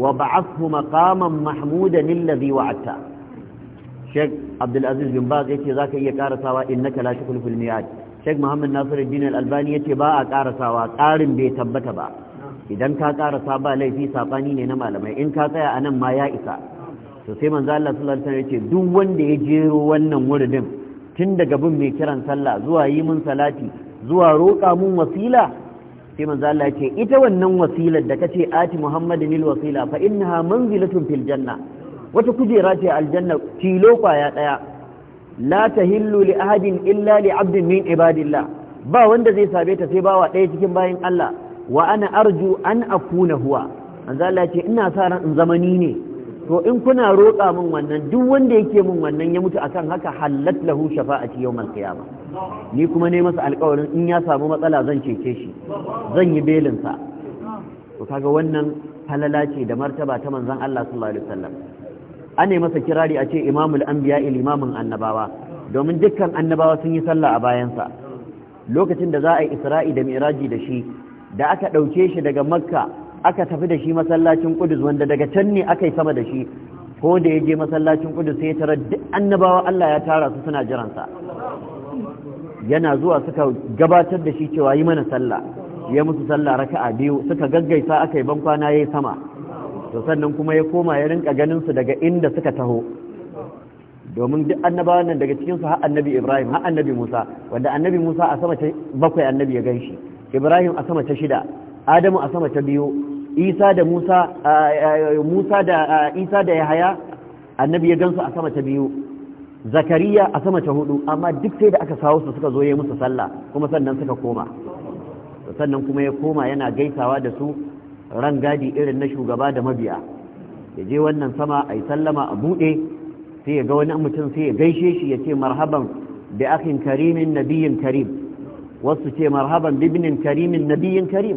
وابعثه مقاما محمودا الذي وعدته شيخ عبد العزيز بن باز yace zaka iya karasawa innaka la tukhliful mi'ad Sheikh Muhammad Nasiruddin Al-Albani ce ba a karasawa karin bai tabbata ba idan ka karasa ba laifi sabani ne na malamai in ka tsaya anan ma ya isa to sai manzo Allah sallallahu yace duk wanda ya jero wannan wuridin tun daga bin mai kiran sallah zuwa yi mun salati zuwa roka min wasila sai manzo Allah ya ce ita wannan wasilar da kace ati muhammadin il wasila fa innaha manzilatun fil janna wata kujera ce aljanna tilo kwaya daya la tahillu li ahadin illa li abdin min ibadillah ba wanda zai sabe ta sai bawa daya cikin bayin Allah wa ana arju an akuna huwa manzo Allah ya ce ina sa ran in zamani ne to in kuna roƙa min wannan duk wanda yake min wannan ya mutu akan haka halat lahu shafa'ati yawmal qiyamah ni kuma ne masa alƙawarin in ya samu matsala zan cece shi zan yi belinsa to kaga wannan halala ce da martaba ta manzon Allah sallallahu alaihi wasallam ane masa kirari a ce imamul anbiya imamin annabawa domin dukkan annabawa sun yi sallah a bayansa lokacin da za a yi isra'i da miraji da shi da aka ɗauke shi daga makka aka tafi da shi masallacin kudus wanda daga can ne aka yi sama da shi ko da ya je masallacin kudus sai ya tarar duk annabawa allah ya tara su suna jiransa yana zuwa suka gabatar da shi cewa yi mana sallah ya musu sallah raka'a biyu suka gaggaisa aka yi bankwana ya yi sama to sannan kuma ya koma ya rinka ganin su daga inda suka taho domin duk annabawan nan daga cikinsu har annabi ibrahim har annabi musa wanda annabi musa a sama ta bakwai annabi ya ganshi ibrahim a sama ta shida adamu a sama ta biyu isa da musa musa da isa da yahaya annabi ya gansu a sama ta biyu zakariya a sama ta hudu amma duk sai da aka kawo su suka zo ya musu sallah kuma sannan suka koma sannan kuma ya koma yana gaisawa da su ran gadi irin na shugaba da mabiya ya je wannan sama a yi sallama a buɗe sai ya ga wani mutum sai ya gaishe shi ya ce marhaban bi akhin karimin nabiyin karim wasu ce marhaban bibinin karimin nabiyin karim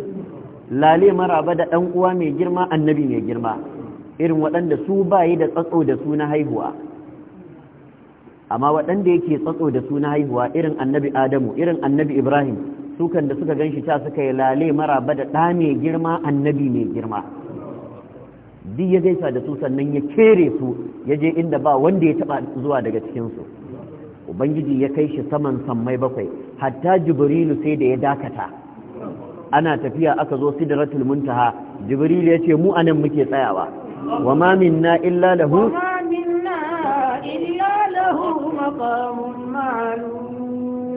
lale maraba da ɗan uwa mai girma annabi mai girma irin waɗanda su bayi da tsatso da su na haihuwa amma waɗanda yake tsatso da suna haihuwa irin annabi adamu irin annabi ibrahim sukan da suka ganshi ta suka yi lale maraba da ɗa mai girma annabi mai girma duk ya gaisa da su sannan ya kere su ya je inda ba wanda ya taɓa zuwa daga cikinsu ubangiji ya kai shi saman sammai bakwai hatta jibrilu sai da ya dakata ana tafiya aka zo sidratul muntaha jibrilu ya ce mu anan muke tsayawa wa ma minna illa lahu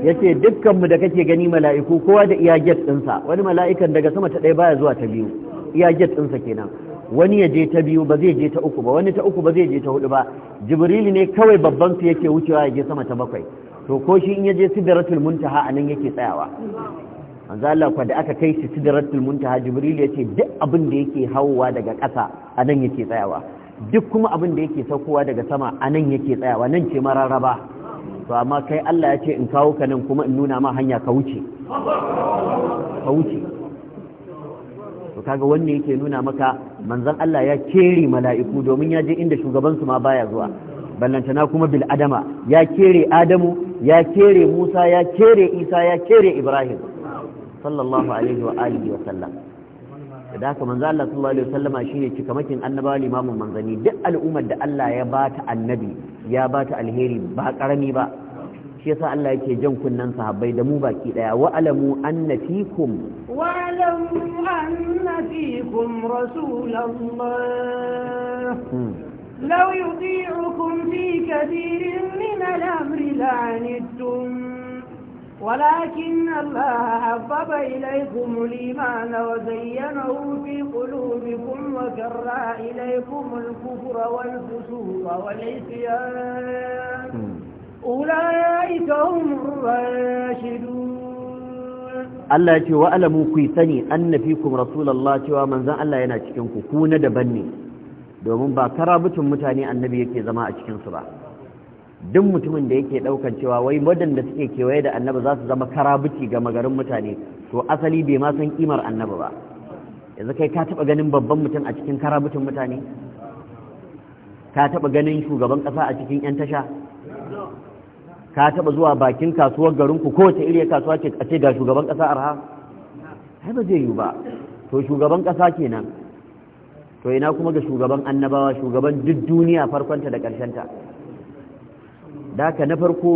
ya ce dukkanmu da kake gani mala'iku kowa da iya jet ɗinsa wani mala'ikan daga sama ta ɗaya baya zuwa ta biyu iya jet ɗinsa kenan wani ya je ta biyu ba zai je ta uku ba wani ta uku ba zai je ta hudu ba jibrilu ne kawai babban su yake wucewa ya je sama ta bakwai to ko shi in ya je sidratul muntaha anan yake tsayawa manzo Allah kwa da aka kai shi sidratul muntaha ya ce duk abin da yake hawowa daga ƙasa nan yake tsayawa duk kuma abin da yake saukowa daga sama a nan yake tsayawa nan ce mararraba to amma kai Allah ya ce in kawo ka nan kuma in nuna ma hanya ka wuce ka wuce to kaga wanne yake nuna maka manzon Allah ya kere mala'iku domin ya je inda shugaban su ma baya zuwa ballantana kuma bil adama ya kere adamu ya kere musa ya kere isa ya kere ibrahim sallallahu alaihi wa alihi wa sallam da haka manzo Allah sallallahu alaihi wasallama shine cikamakin annabawa limamin manzani duk al'ummar da Allah ya bata annabi ya bata alheri ba karami ba shi yasa Allah yake jan kunnan sahabbai da mu baki daya wa alamu anna fikum wa alamu anna fikum rasulullah لو يطيعكم في كثير من الأمر لعنتم ولكن الله حبب إليكم الإيمان وزينه في قلوبكم وكره إليكم الكفر والفسوق والعصيان أولئك هم الراشدون Allah ya ce wa alamu ku sani annabikum rasulullahi cewa manzon Allah yana cikin ku ku na daban ne domin ba karabutun mutane annabi yake zama a cikin su ba duk mutumin da yake daukan cewa wai waɗanda suke kewaye da annabi za su zama karabuci ga magarin mutane to asali bai ma san kimar annabi ba yanzu kai ka taba ganin babban mutum a cikin karabucin mutane ka taba ganin shugaban kasa a cikin yan tasha ka taba zuwa bakin kasuwar garin ku kowace iri kasuwa ce a ce ga shugaban kasa arha ai ba zai yi ba to shugaban kasa kenan to ina kuma ga shugaban annabawa shugaban duk duniya farkonta da ta? da na farko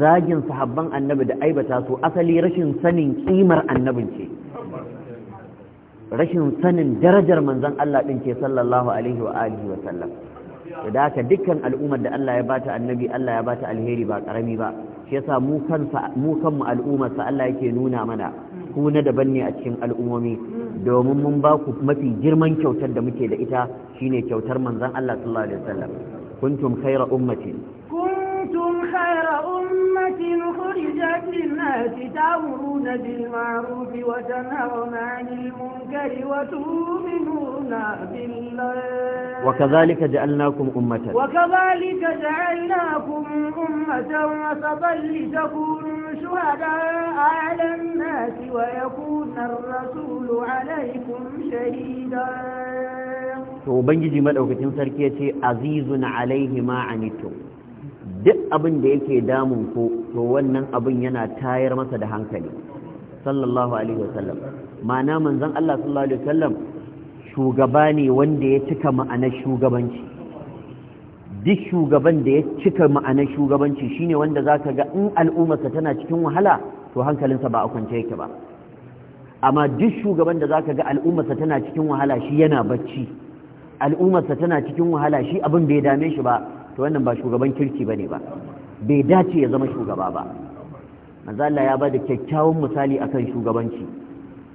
zagin sahabban annabi da aibata su asali rashin sanin kimar annabin ce rashin sanin darajar manzan Allah din ce sallallahu alaihi wa alihi wa sallam da haka dukkan al'ummar da Allah ya bata annabi Allah ya bata alheri ba karami ba shi yasa mu kansa mu kanmu al'ummar sa Allah yake nuna mana ku na daban ne a cikin al'ummomi domin mun ba ku mafi girman kyautar da muke da ita shine kyautar manzan Allah sallallahu alaihi sallam kuntum khayra ummatin خير أمة خرجت للناس تأمرون بالمعروف وتنهون عن المنكر وتؤمنون بالله وكذلك جعلناكم أمة وكذلك جعلناكم أمة وسطا لتكونوا شهداء على الناس ويكون الرسول عليكم شهيدا to ubangiji madaukakin sarki yace azizun alaihi ma anittum duk abin da yake damun ku to wannan abin yana tayar masa da hankali sallallahu alaihi wasallam ma'ana manzon Allah sallallahu alaihi wasallam shugaba ne wanda ya cika ma'anar shugabanci duk shugaban da ya cika ma'anar shugabanci shine wanda zaka ga in al'ummarsa tana cikin wahala to hankalinsa ba a kwance yake ba amma duk shugaban da zaka ga al'ummarsa tana cikin wahala shi yana bacci al'ummarsa tana cikin wahala shi abin bai dame shi ba to wannan ba shugaban kirki bane ba bai dace ya zama shugaba ba manzo Allah ya bada kyakkyawan misali akan shugabanci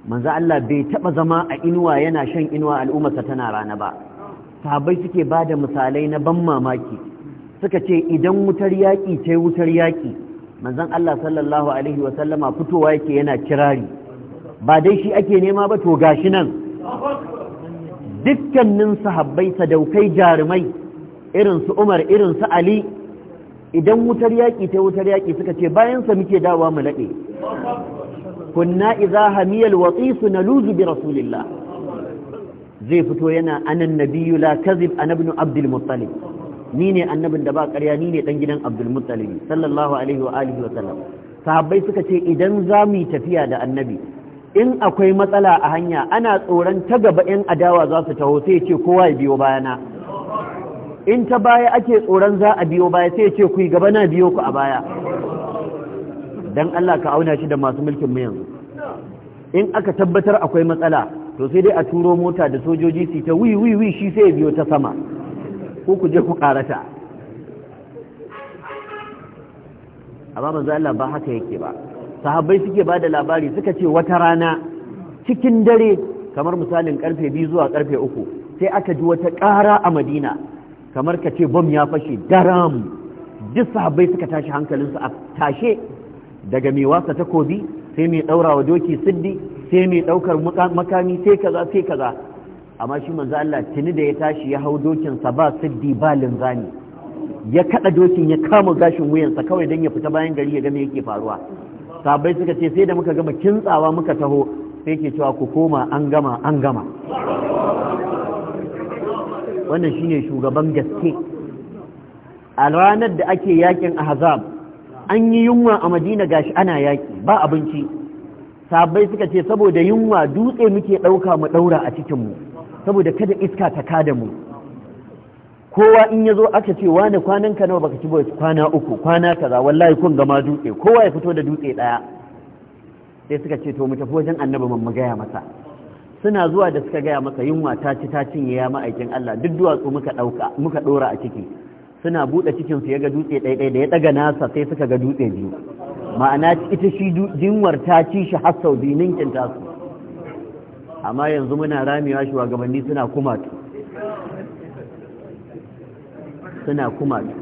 manzo Allah bai taba zama a inuwa yana shan inuwa al'umma ta tana rana ba sahabbai suke bada misalai na ban mamaki suka ce idan wutar yaki ce wutar yaki manzon Allah sallallahu alaihi wa sallama fitowa yake yana kirari ba dai shi ake nema ba to gashi nan dukkanin sahabbai sadaukai jarumai irin su umar irin su ali idan wutar yaƙi ta wutar yaƙi suka ce bayansa muke dawa mu laɗe kunna idza hamiyal watisu naluzu bi rasulillah zai fito yana anan nabiyyu la kazib an ibn abdul muttalib ni ne annabin da ba ƙarya ni ne ɗan gidan abdul muttalib sallallahu alaihi wa alihi wa sallam sahabbai suka ce idan za mu yi tafiya da annabi in akwai matsala a hanya ana tsoron ta gaba yan adawa za su taho sai ce kowa ya biyo bayana in ta baya ake tsoron za a biyo baya sai ce ku yi gaba na biyo ku a baya Don Allah ka auna shi da masu mulkin mu yanzu in aka tabbatar akwai matsala to sai dai a turo mota da sojoji su ta wi wi shi sai biyo ta sama ko ku je ku karata amma manzo Allah ba haka yake ba sahabbai suke ba da labari suka ce wata rana cikin dare kamar misalin karfe 2 zuwa karfe 3, sai aka ji wata ƙara a madina kamar ka ce bom ya fashe daram duk sahabbai suka tashi hankalinsu a tashe daga mai wasa takobi sai mai ɗaura wa doki siddi sai mai ɗaukar makami sai kaza sai kaza amma shi manzo Allah tuni da ya tashi ya hau sa ba siddi ba linzami ya kada dokin ya kama gashin wuyansa kawai dan ya fita bayan gari ya ga me yake faruwa sahabbai suka ce sai da muka gama kintsawa muka taho sai ke cewa ku koma an gama an gama wannan shi ne shugaban gaske a ranar da ake yakin hazab an yi yunwa a madina gashi ana yaki ba abinci sabai suka ce saboda yunwa dutse muke ɗauka mu ɗaura a cikinmu saboda kada iska ta kada mu kowa in ya zo aka ce wani kwanan ka nawa baka ci ba kwana uku kwana kaza wallahi kun gama dutse kowa ya fito da dutse ɗaya sai suka ce to mu tafi wajen annabi mu gaya masa suna zuwa da suka gaya maka yunwa ta ci ta cinye ya ma'aikin Allah duk duwatsu muka ɗauka muka ɗora a ciki suna buɗe cikin su ya ga dutse ɗaiɗai da ya ɗaga nasa sai suka ga dutse biyu ma'ana ita shi jinwar ta ci shi har sau biyu ninkin tasu amma yanzu muna ramewa shugabanni suna tu suna kumatu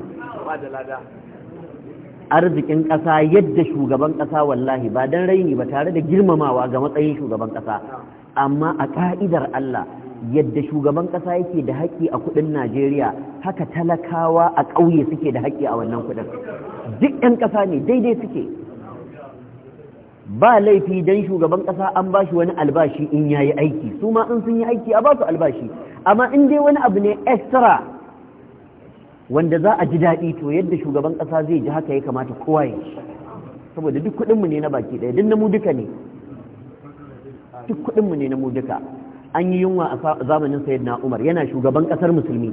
arzikin ƙasa yadda shugaban ƙasa wallahi ba don raini ba tare da girmamawa ga matsayin shugaban ƙasa amma a ka'idar Allah yadda shugaban ƙasa yake da haƙƙi a kuɗin Najeriya haka talakawa a ƙauye suke da haƙƙi a wannan kuɗin duk ɗan ƙasa ne daidai suke ba laifi don shugaban ƙasa an ba shi wani albashi in ya yi aiki su ma in sun yi aiki a ba su albashi amma in dai wani abu ne extra wanda za a ji daɗi to yadda shugaban ƙasa zai ji haka ya kamata kowa ya saboda duk kuɗinmu ne na baki ɗaya duk na duka ne duk kuɗin mu ne na mu duka an yi yunwa a zamanin sayyidina Umar yana shugaban kasar musulmi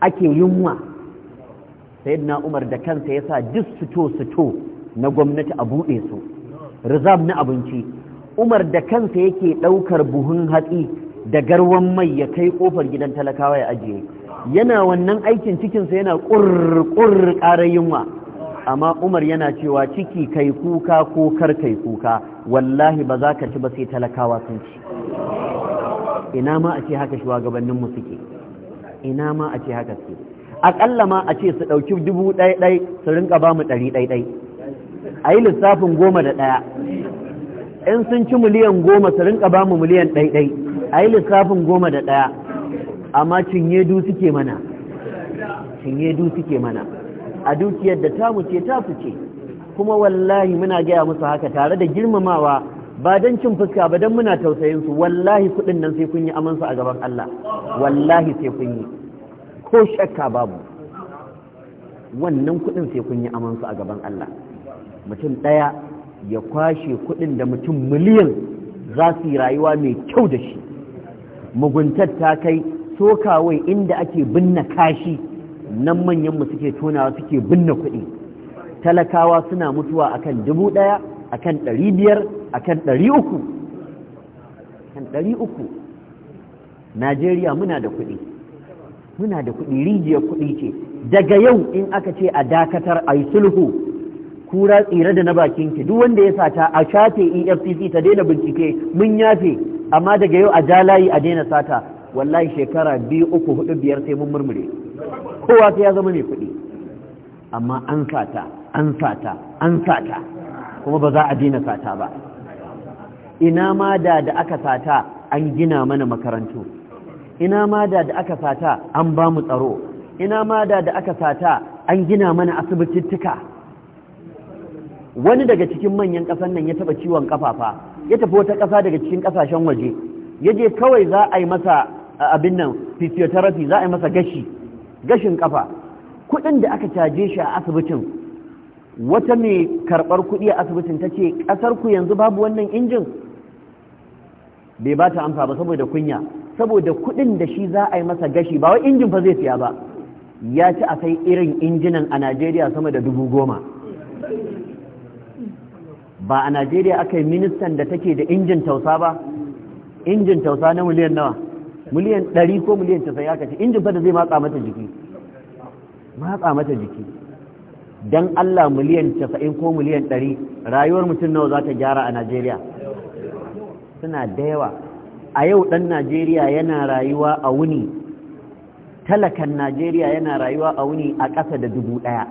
ake yunwa sayyidina Umar da kansa yasa duk suto-suto na gwamnati a buɗe su rizab na abinci Umar da kansa yake ɗaukar buhun hatsi da garwan mai ya kai kofar gidan talakawa ya ajiye yana wannan aikin cikinsa yana ƙurr yunwa amma umar yana cewa ciki kai kuka ko kar kai kuka wallahi ba za ka ci ba sai talakawa sun ci ina ma a ce haka shugabanninmu suke ina ma a ce haka suke aƙalla ma a ce su ɗauki dubu ɗai ɗai su rinka ba mu ɗari ɗai ɗai a yi lissafin goma da ɗaya in sun ci miliyan goma su rinka ba mu miliyan ɗai ɗai a yi lissafin goma da ɗaya amma cinye du suke mana cinye du suke mana a dukiyar da tamu ce ta fice kuma wallahi muna gaya musu haka tare da girmamawa ba don cin fuska ba don muna tausayin su wallahi kuɗin nan sai kun yi amansu a gaban Allah wallahi sai kun yi ko shakka babu wannan kuɗin sai kun yi amansu a gaban Allah mutum ɗaya ya kwashe kuɗin da mutum miliyan za su yi rayuwa mai kyau da shi muguntar ta kai sokawai inda ake binne kashi nan manyanmu suke tonawa suke binne kuɗi talakawa suna mutuwa akan dubu ɗaya akan ɗari biyar akan ɗari uku Kan ɗari uku najeriya muna da kuɗi muna da kuɗi rijiyar kuɗi ce daga yau in aka ce a dakatar a yi sulhu kura tsira da na bakin ki duk wanda ya sata a shafe efcc ta daina bincike mun yafe amma daga yau a ja layi a daina sata wallahi shekara biyu uku hudu biyar sai mun murmure kowa ta ya zama mai kuɗi amma an sata an sata an sata kuma ba za a daina sata ba ina ma da da aka sata an gina mana makarantu ina ma da da aka sata an ba mu tsaro ina ma da da aka sata an gina mana asibitittuka wani daga cikin manyan ƙasan nan ya taba ciwon kafafa ya tafi wata ƙasa daga cikin ƙasashen waje ya je kawai za a yi masa abin nan physiotherapy za a yi masa gashi gashin ƙafa kuɗin da aka caje shi a asibitin wata mai karɓar kuɗi a asibitin ta ce ƙasarku yanzu babu wannan injin bai ba ta amsa ba saboda kunya saboda kuɗin da shi za a yi masa gashi ba wai injin fa zai siya ba ya ci a kai irin injinan a najeriya sama da dubu goma ba a najeriya aka yi ministan da take da injin tausa ba injin tausa na miliyan nawa miliyan ɗari ko miliyan 90 aka ce injin fa da zai matsa mata jiki matsa mata jiki dan Allah miliyan 90 ko miliyan 100 rayuwar mutum nawa za ta gyara a Najeriya suna da yawa a yau dan Najeriya yana rayuwa a wuni talakan Najeriya yana rayuwa a wuni a ƙasa da dubu ɗaya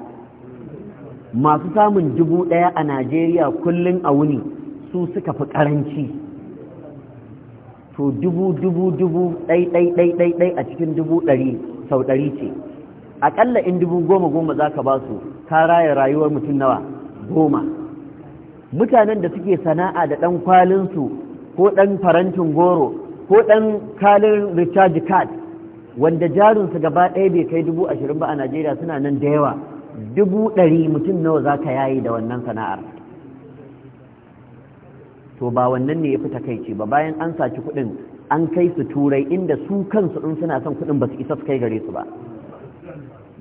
masu samun dubu ɗaya a Najeriya kullum a wuni su suka fi karanci. to dubu dubu dubu ɗai ɗai ɗai ɗai ɗai a cikin dubu ɗari sau ɗari ce aƙalla in dubu goma goma za ka ba su Ka raya rayuwar mutum nawa goma mutanen da suke sana'a da ɗan kwalinsu ko ɗan farantin goro ko ɗan kalin recharge card wanda jarinsu gaba ɗaya bai kai dubu ashirin ba a najeriya suna nan da yawa dubu ɗari mutum nawa za ka yayi da wannan sana'ar to ba wannan ne ya fi takaici ba bayan an saci kuɗin an kai su turai inda su kansu in suna son kuɗin ba su isa su kai gare su ba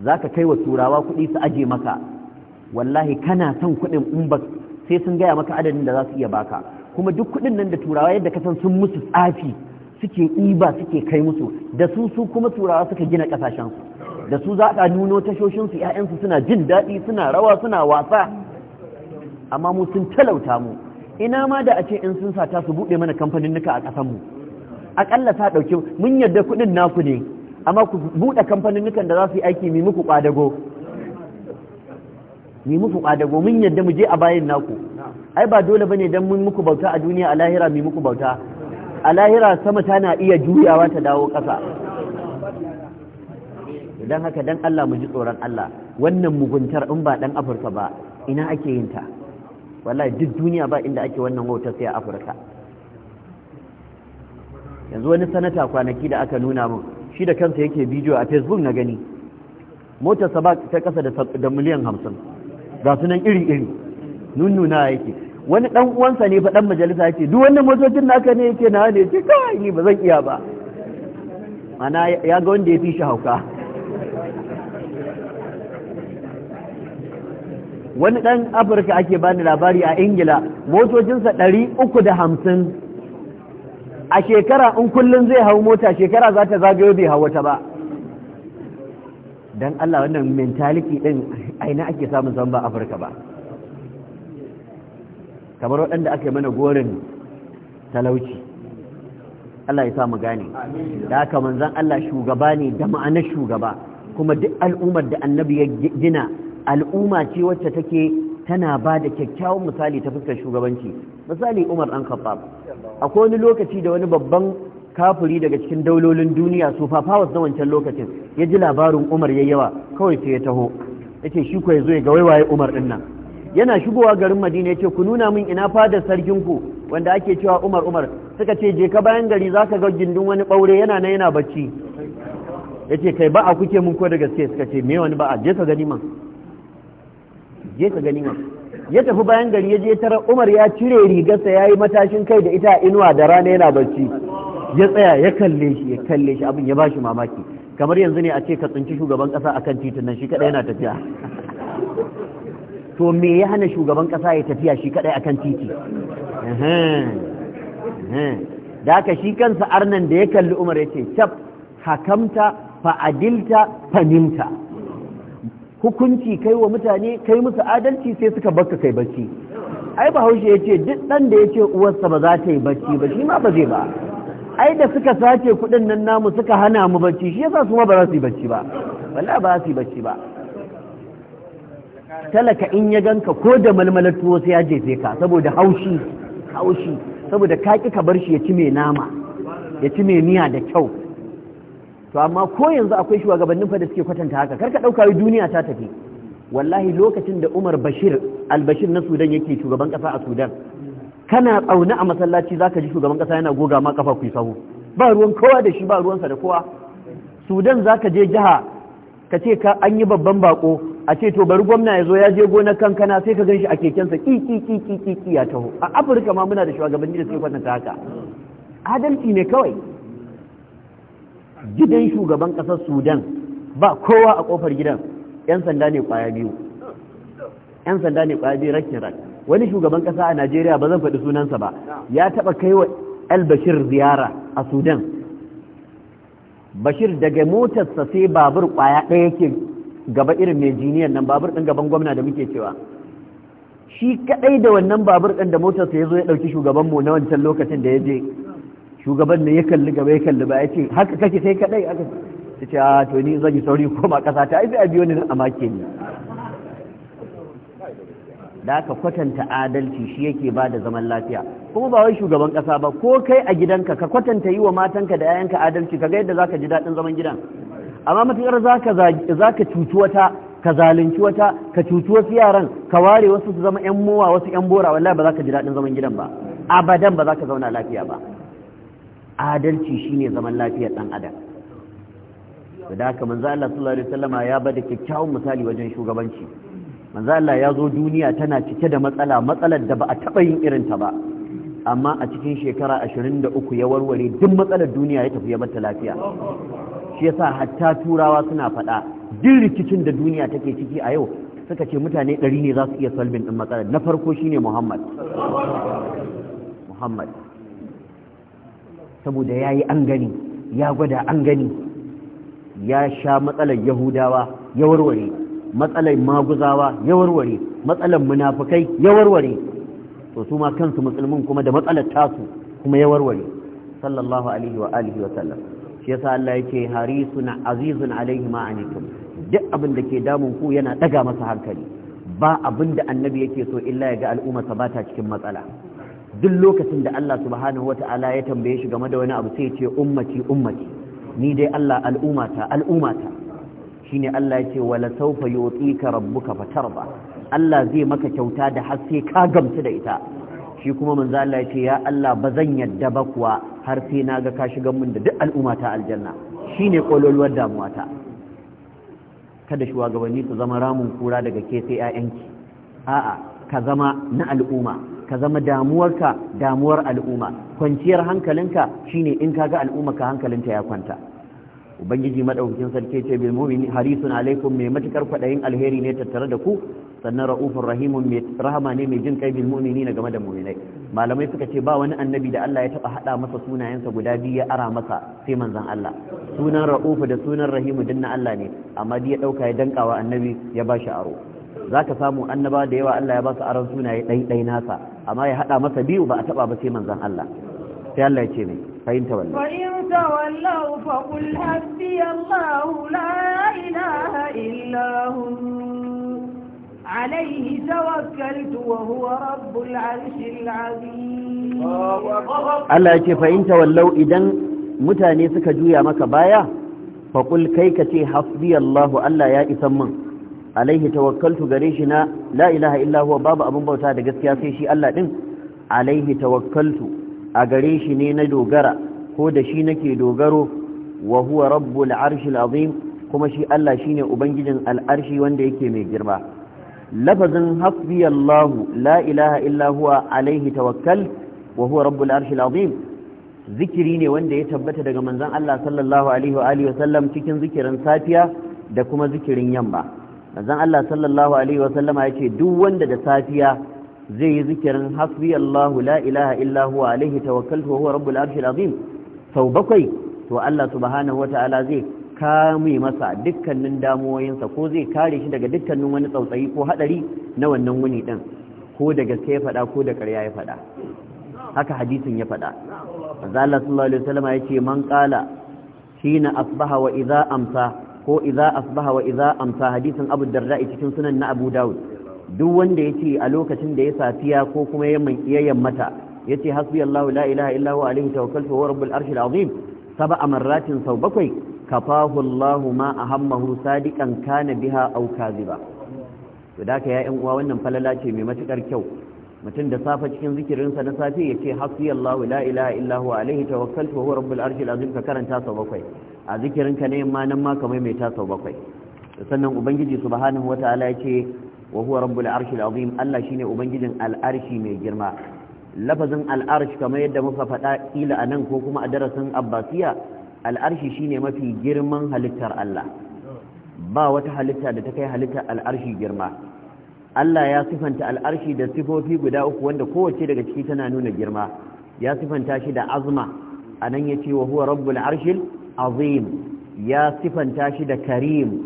za ka kai wa turawa kuɗi su aje maka wallahi kana son kuɗin in ba sai sun gaya maka adadin da za su iya baka kuma duk kuɗin nan da turawa yadda ka san sun musu tsafi suke ɗiba suke kai musu da su su kuma turawa suka gina ƙasashensu da su za a nuno tashoshinsu ‘ya'yansu suna jin daɗi suna rawa suna wasa amma mu sun talauta mu ina ma da a ce in sun sata su buɗe mana kamfanin nuka a ƙasanmu aƙalla ta ɗauke mun yarda kuɗin naku ne amma ku buɗe nukan da za su yi aiki mai muku ƙwadago mai muku ƙwadago mun yadda mu je a bayan naku ai ba dole bane don mun muku bauta a duniya a lahira mai muku bauta a lahira sama tana iya juyawa ta dawo ƙasa don haka dan Allah mu ji tsoron Allah wannan muguntar in ba dan Afirka ba ina ake yin ta wallahi duk duniya ba inda ake wannan wautar sai a Afirka yanzu wani sanata kwanaki da aka nuna mun shi da kansa yake bidiyo a facebook na gani motar sa ba ta kasa da miliyan hamsin ga sunan iri-iri nunnuna yake wani dan uwansa ne faɗan majalisa yake duk wannan motocin naka ne yake na ne ce kai ni ba zan iya ba ana ya ga wanda ya fi shi hauka wani dan afirka ake bani labari a ingila motocinsa ɗari uku da hamsin a shekara in kullum zai hau mota shekara za ta zagayo bai hau wata ba don Allah wannan mentality din aina ake samun zamba ba Afirka ba kamar waɗanda aka yi mana gorin talauci Allah ya samu gane da aka manzan Allah shugaba ne da ma'anar shugaba kuma duk al'ummar da annabi ya gina al'umma ce wacce take tana ba da kyakkyawan misali ta fuskar shugabanci misali Umar ɗan Khattab akwai wani lokaci da wani babban kafuri daga cikin daulolin duniya su fafawas na wancan lokacin ya ji labarin umar ya yawa kawai sai ya taho ya ce shi ko ya zo ya ga waiwaye umar din nan yana shigowa garin madina ya ce ku nuna min ina fadar sarkinku wanda ake cewa umar umar suka ce je ka bayan gari za ka ga gindin wani ɓaure yana na yana bacci ya ce kai ba a kuke mun ko da gaske suka ce me wani ba a je ka gani man ya tafi bayan gari ya je tara Umar ya cire rigarsa ya yi matashin kai da ita inuwa da rana yana bacci ya tsaya ya kalle shi ya kalle shi abin ya ba shi mamaki kamar yanzu ne a ce ka tsinci shugaban kasa akan titin nan shi kadai yana tafiya to me ya hana shugaban kasa ya tafiya shi kadai akan titi da haka shi kansa arnan da ya kalli Umar ya ce cap hakamta fa'adilta fanimta hukunci kai wa mutane kai musu adalci sai suka bakka kai bacci ai bahaushe ya ce duk ɗan da ya ce uwarsa ba za ta yi bacci ba shi ma ba zai ba ai da suka sace kuɗin nan namu suka hana mu bacci shi yasa su ma ba za su yi bacci ba wallahi ba za su yi bacci ba talaka in ya ganka ko da malmalar tuwo sai ya jefe ka saboda haushi haushi saboda ka ki ka bar shi ya ci mai nama ya ci mai miya da kyau to amma ko yanzu akwai shugabannin fa da suke kwatanta haka karka dauka wai duniya ta tafi wallahi lokacin da Umar Bashir al-Bashir na Sudan yake shugaban kasa a Sudan kana tsauna a masallaci zaka ji shugaban kasa yana goga ma kafa ku sahu ba ruwan kowa da shi ba ruwansa da kowa Sudan zaka je jiha ka ce ka an yi babban bako a ce to bari gwamna ya zo ya je gonar kankana sai ka ganshi a kekensa ki ki ki ki ki ya taho a Afirka ma muna da shugabanni da suke kwatanta haka adalci ne kawai gidan shugaban ƙasar sudan ba kowa a kofar gidan 'yan sanda ne ƙwaya biyu 'yan sanda ne ƙwaya biyu rakin rak wani shugaban ƙasa a najeriya ba zan faɗi sunansa ba ya taɓa kai wa el bashir ziyara a sudan bashir daga motarsa sai babur ƙwaya ɗaya ke gaba irin mai jiniyan nan babur ɗin gaban gwamna da muke cewa shi kaɗai da wannan babur ɗin da motarsa ya zo ya ɗauki shugabanmu na wancan lokacin da ya je shugaban ne ya kalli gaba ya kalli ba ya ce haka kake sai kadai aka ta ce a ah, to ni zan yi sauri koma kasa ta aiki a biyo ni a make ni da aka kwatanta adalci shi yake ba da zaman lafiya kuma ba wai shugaban kasa ba ko kai a gidanka ka kwatanta yi wa matanka da 'ya'yanka adalci ka ga yadda zaka ji daɗin zaman gidan amma matuƙar za ka cuci wata ka zalunci wata ka cuci wasu yaran ka ware wasu su zama 'yan mowa wasu 'yan bora wallahi ba za ka ji daɗin zaman gidan ba abadan ba za ka zauna lafiya ba adalci shine zaman lafiyar dan adam da haka manzo Allah sallallahu alaihi wasallama ya bada kyakkyawan misali wajen shugabanci manzo Allah ya zo duniya tana cike da matsala matsalar da ba a taba yin irin ta ba amma a cikin shekara 23 ya warware duk matsalar duniya ya tafi ya bata lafiya shi yasa hatta turawa suna fada duk rikicin da duniya take ciki a yau suka ce mutane ɗari ne za su iya solving din matsalar na farko shine Muhammad Muhammad saboda ya yi an gani ya gwada an gani ya sha matsalar yahudawa ya warware matsalar maguzawa ya warware matsalar munafukai ya warware to su ma kansu musulmin kuma da matsalar tasu kuma ya warware sallallahu alaihi wa alihi wa sallam shi yasa Allah yake harisun azizun alaihi ma anikum duk abin da ke damun ku yana daga masa hankali ba abin da annabi yake so illa ya ga al'umma ba ta cikin matsala duk lokacin da Allah subhanahu wata'ala ya tambaye shi game da wani abu sai ya ce ummati ummati ni dai Allah al'umata al'umata shine Allah ya ce wala sawfa yu'tika rabbuka fatarba Allah zai maka kyauta da har sai ka gamsu da ita shi kuma manzo Allah ya ce ya Allah bazan yadda ba kuwa har sai na ga ka shiga mun da duk al'umata aljanna shine kololuwar damuwata kada shugabanni su zama ramun kura daga ke sai ƴaƴanki a'a ka zama na al'umma ka zama damuwarka damuwar al'umma kwanciyar hankalinka shine in ka ga al'umma ka hankalinta ya kwanta ubangiji madaukakin sarki ce bil mu'min harisun alaikum mai matukar kwadayin alheri ne tattare da ku sannan ra'ufur rahimun mai rahama ne mai jin kai bil mu'minina game da mu'minai malamai suka ce ba wani annabi da Allah ya taba hada masa sunayensa guda biyu ya ara masa sai manzon Allah sunan ra'ufu da sunan rahimu na Allah ne amma dai ya dauka ya dankawa annabi ya bashi aro zaka samu annaba da yawa Allah ya ba su aron sunaye ɗai-ɗai nasa amma ya hada masa biyu ba a taba ba sai manzon Allah sai Allah ya ce ne fa'in tawallu fa'in tawallu fa qul hasbi Allahu la ilaha illa hu alayhi tawakkaltu wa huwa rabbul arshil azim Allah ya ce fa'in tawallu idan mutane suka juya maka baya fa qul kai kace hasbi Allahu Allah ya isan min alaihi tawakkaltu gare shi na la ilaha illa huwa babu abun bauta da gaskiya sai shi Allah din alaihi tawakkaltu a gare shi ne na dogara ko da shi nake dogaro wa huwa rabbul arshil azim kuma shi Allah shine ubangijin al'arshi wanda yake mai girma lafazin hasbi Allah la ilaha illa huwa alaihi tawakkal wa huwa rabbul arshil azim zikiri ne wanda ya tabbata daga manzon Allah sallallahu alaihi wa alihi wa sallam cikin zikirin safiya da kuma zikirin yamma manzon Allah sallallahu alaihi ya yace duk wanda da safiya zai yi zikirin hasbi Allahu la ilaha illa huwa alaihi tawakkaltu wa huwa rabbul arshil azim sau bakwai to Allah subhanahu wataala zai kame masa dukkanin damuwoyinsa ko zai kare shi daga dukkanin wani tsautsayi ko hadari na wannan wuni din ko da gaske ya faɗa ko da karya ya faɗa haka hadisin ya faɗa manzo Allah sallallahu alaihi ya yace man qala hina asbaha wa idza amsa ko idza asbaha wa idza amsa hadisin Abu Darda cikin sunan na Abu Dawud duk wanda ya ce a lokacin da ya safiya ko kuma ya yammata ya hasbiyallahu la ilaha illa huwa alaihi tawakkaltu wa rabbul arshil azim sab'a marratin sau bakwai kafahu Allahu ma ahammahu sadiqan kana biha aw kadhiba to da ka ya uwa wannan falala ce mai matukar kyau mutum da safa cikin zikirinsa na safe ya ce hasbi Allahu la ilaha illa huwa alaihi tawakkaltu wa rabbul arshil azim ka karanta sau bakwai a zikirinka ne ma nan ma kamar mai tasau bakwai sannan ubangiji subhanahu wataala yace wa huwa rabbul arshil azim Allah shine ubangijin al'arshi mai girma lafazin al'arshi kamar yadda muka faɗa anan ko kuma a darasin abbasiya al'arshi shine mafi girman halittar Allah ba wata halitta da ta kai halittar al'arshi girma Allah ya sifanta al'arshi da sifofi guda uku wanda kowace daga ciki tana nuna girma ya sifanta shi da azma anan yace wa huwa rabbul arshil azim ya sifanta shi da karim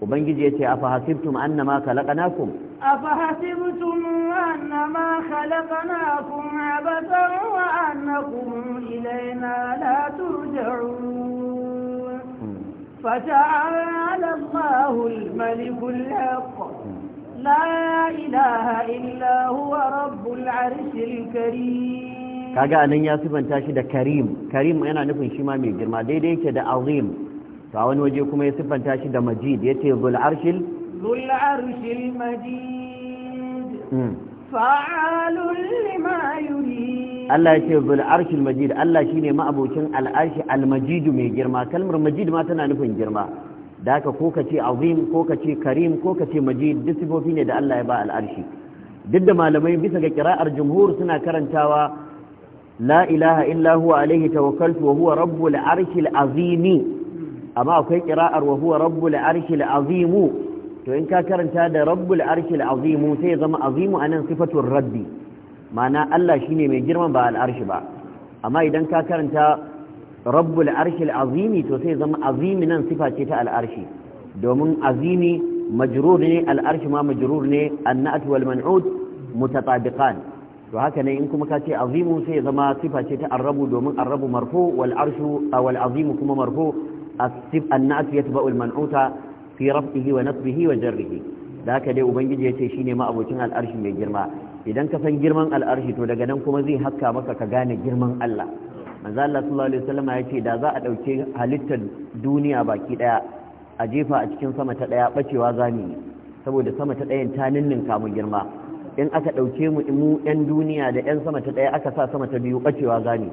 ubangiji yace afa hasibtum annama khalaqnakum afa hasibtum annama khalaqnakum abatan wa annakum ilayna la turja'un fata'ala Allahu al-malik al-haq la ilaha إلا هو رب العرش الكريم kaga anan ya sifanta shi da karim karim yana nufin shi ma mai girma daidai yake da azim to a wani waje kuma ya sifanta shi da majid yace zul arshil zul arshil majid hmm. fa'alul lima yurid Allah ya ce zul arshil majid Allah shine ma'abocin al'arshi al-majid mai girma kalmar majid ma tana nufin girma da haka ko kace azim ko kace karim ko kace majid duk sifofi ne da Allah ya ba al'arshi duk da malamai bisa ga kira'ar jumhur suna karantawa la'ilaha ilaha illa huwa alaihi tawakkaltu wa huwa rabbul arshil amma akwai qira'ar wa huwa rabbul arshil to in ka karanta da rabbul arshil azim sai zama azimu anan sifatul rabbi ma'ana Allah shine mai girma ba al'arshi ba amma idan ka karanta rabbul arshil azim to sai zama azimi nan sifa ta al'arshi domin azimi majrur ne al'arshi ma majrur ne annat wal man'ud mutatabiqan to haka ne in kuma ka ce azimu sai ya zama sifa ce ta arrabu domin arrabu marfu wal arshu wal azimu kuma marfu as-sib an-na'at yatba'u al-man'uta fi wa nasbihi wa jarrihi da haka dai ubangiji ya ce shine ma abocin al'arshi mai girma idan ka san girman al'arshi to daga nan kuma zai haska maka ka gane girman Allah manzo Allah sallallahu alaihi wasallam ya ce da za a dauke halittar duniya baki daya a jefa a cikin sama ta daya bacewa yi? saboda sama ta dayan ta ninninka mu girma in aka ɗauke mu mu 'yan duniya da 'yan sama ta ɗaya aka sa sama ta biyu ɓacewa gani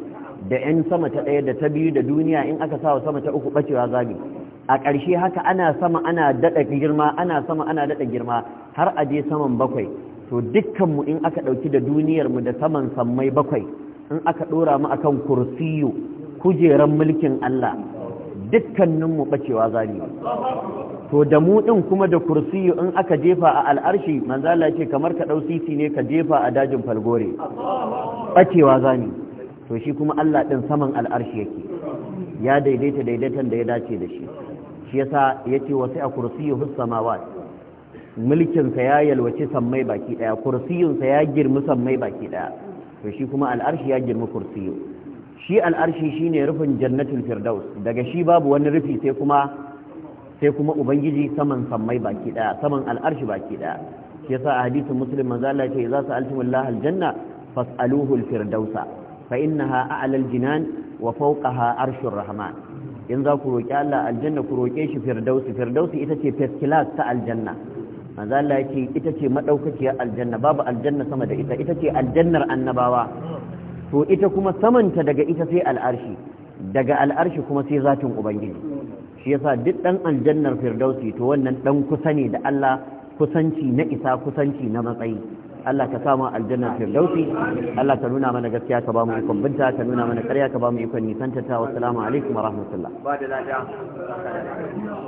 da 'yan sama ta ɗaya da ta biyu da duniya in aka sa sama ta uku ɓacewa gani a ƙarshe haka ana sama ana daɗa girma ana sama ana daɗa girma har a je saman bakwai to dukkanmu in aka ɗauki da duniyarmu da saman sammai bakwai in aka ɗora mu akan kursiyu kujeran mulkin Allah dukkaninmu ɓacewa gani to da mu din kuma da kursiyu in aka jefa a al'arshi manzo Allah ce kamar ka dau sisi ne ka jefa a dajin falgore bacewa zani to shi kuma Allah din saman al'arshi yake ya daidaita daidaitan da ya dace da shi shi yasa yace sai a kursiyu hus samawat mulkin sa ya yalwaci sammai baki daya kursiyun sa ya girmi sammai baki daya to shi kuma al'arshi ya girmi kursiyu shi al'arshi shine rufin jannatul firdaus daga shi babu wani rufi sai kuma sai kuma ubangiji saman sammai baki daya saman al'arshi baki daya shi yasa a hadisin muslim manzo Allah ce za su altimullah aljanna fas'aluhu alfirdausa fa innaha a'la aljinan wa fawqaha arshur rahman in za ku roki Allah aljanna ku roke shi firdausi firdausi ita ce first class ta aljanna manzo Allah yake ita ce madaukakiyar aljanna babu aljanna sama da ita ita ce aljannar annabawa to ita kuma samanta daga ita sai al'arshi daga al'arshi kuma sai zatin ubangiji shi yasa duk dan aljannar firdausi to wannan dan kusa ne da Allah kusanci na isa kusanci na matsayi Allah ka samu aljannar firdausi Allah ka nuna mana gaskiya ka ba mu ikon binta ka nuna mana ƙarya ka ba mu ikon nisanta ta wassalamu alaikum wa rahmatullah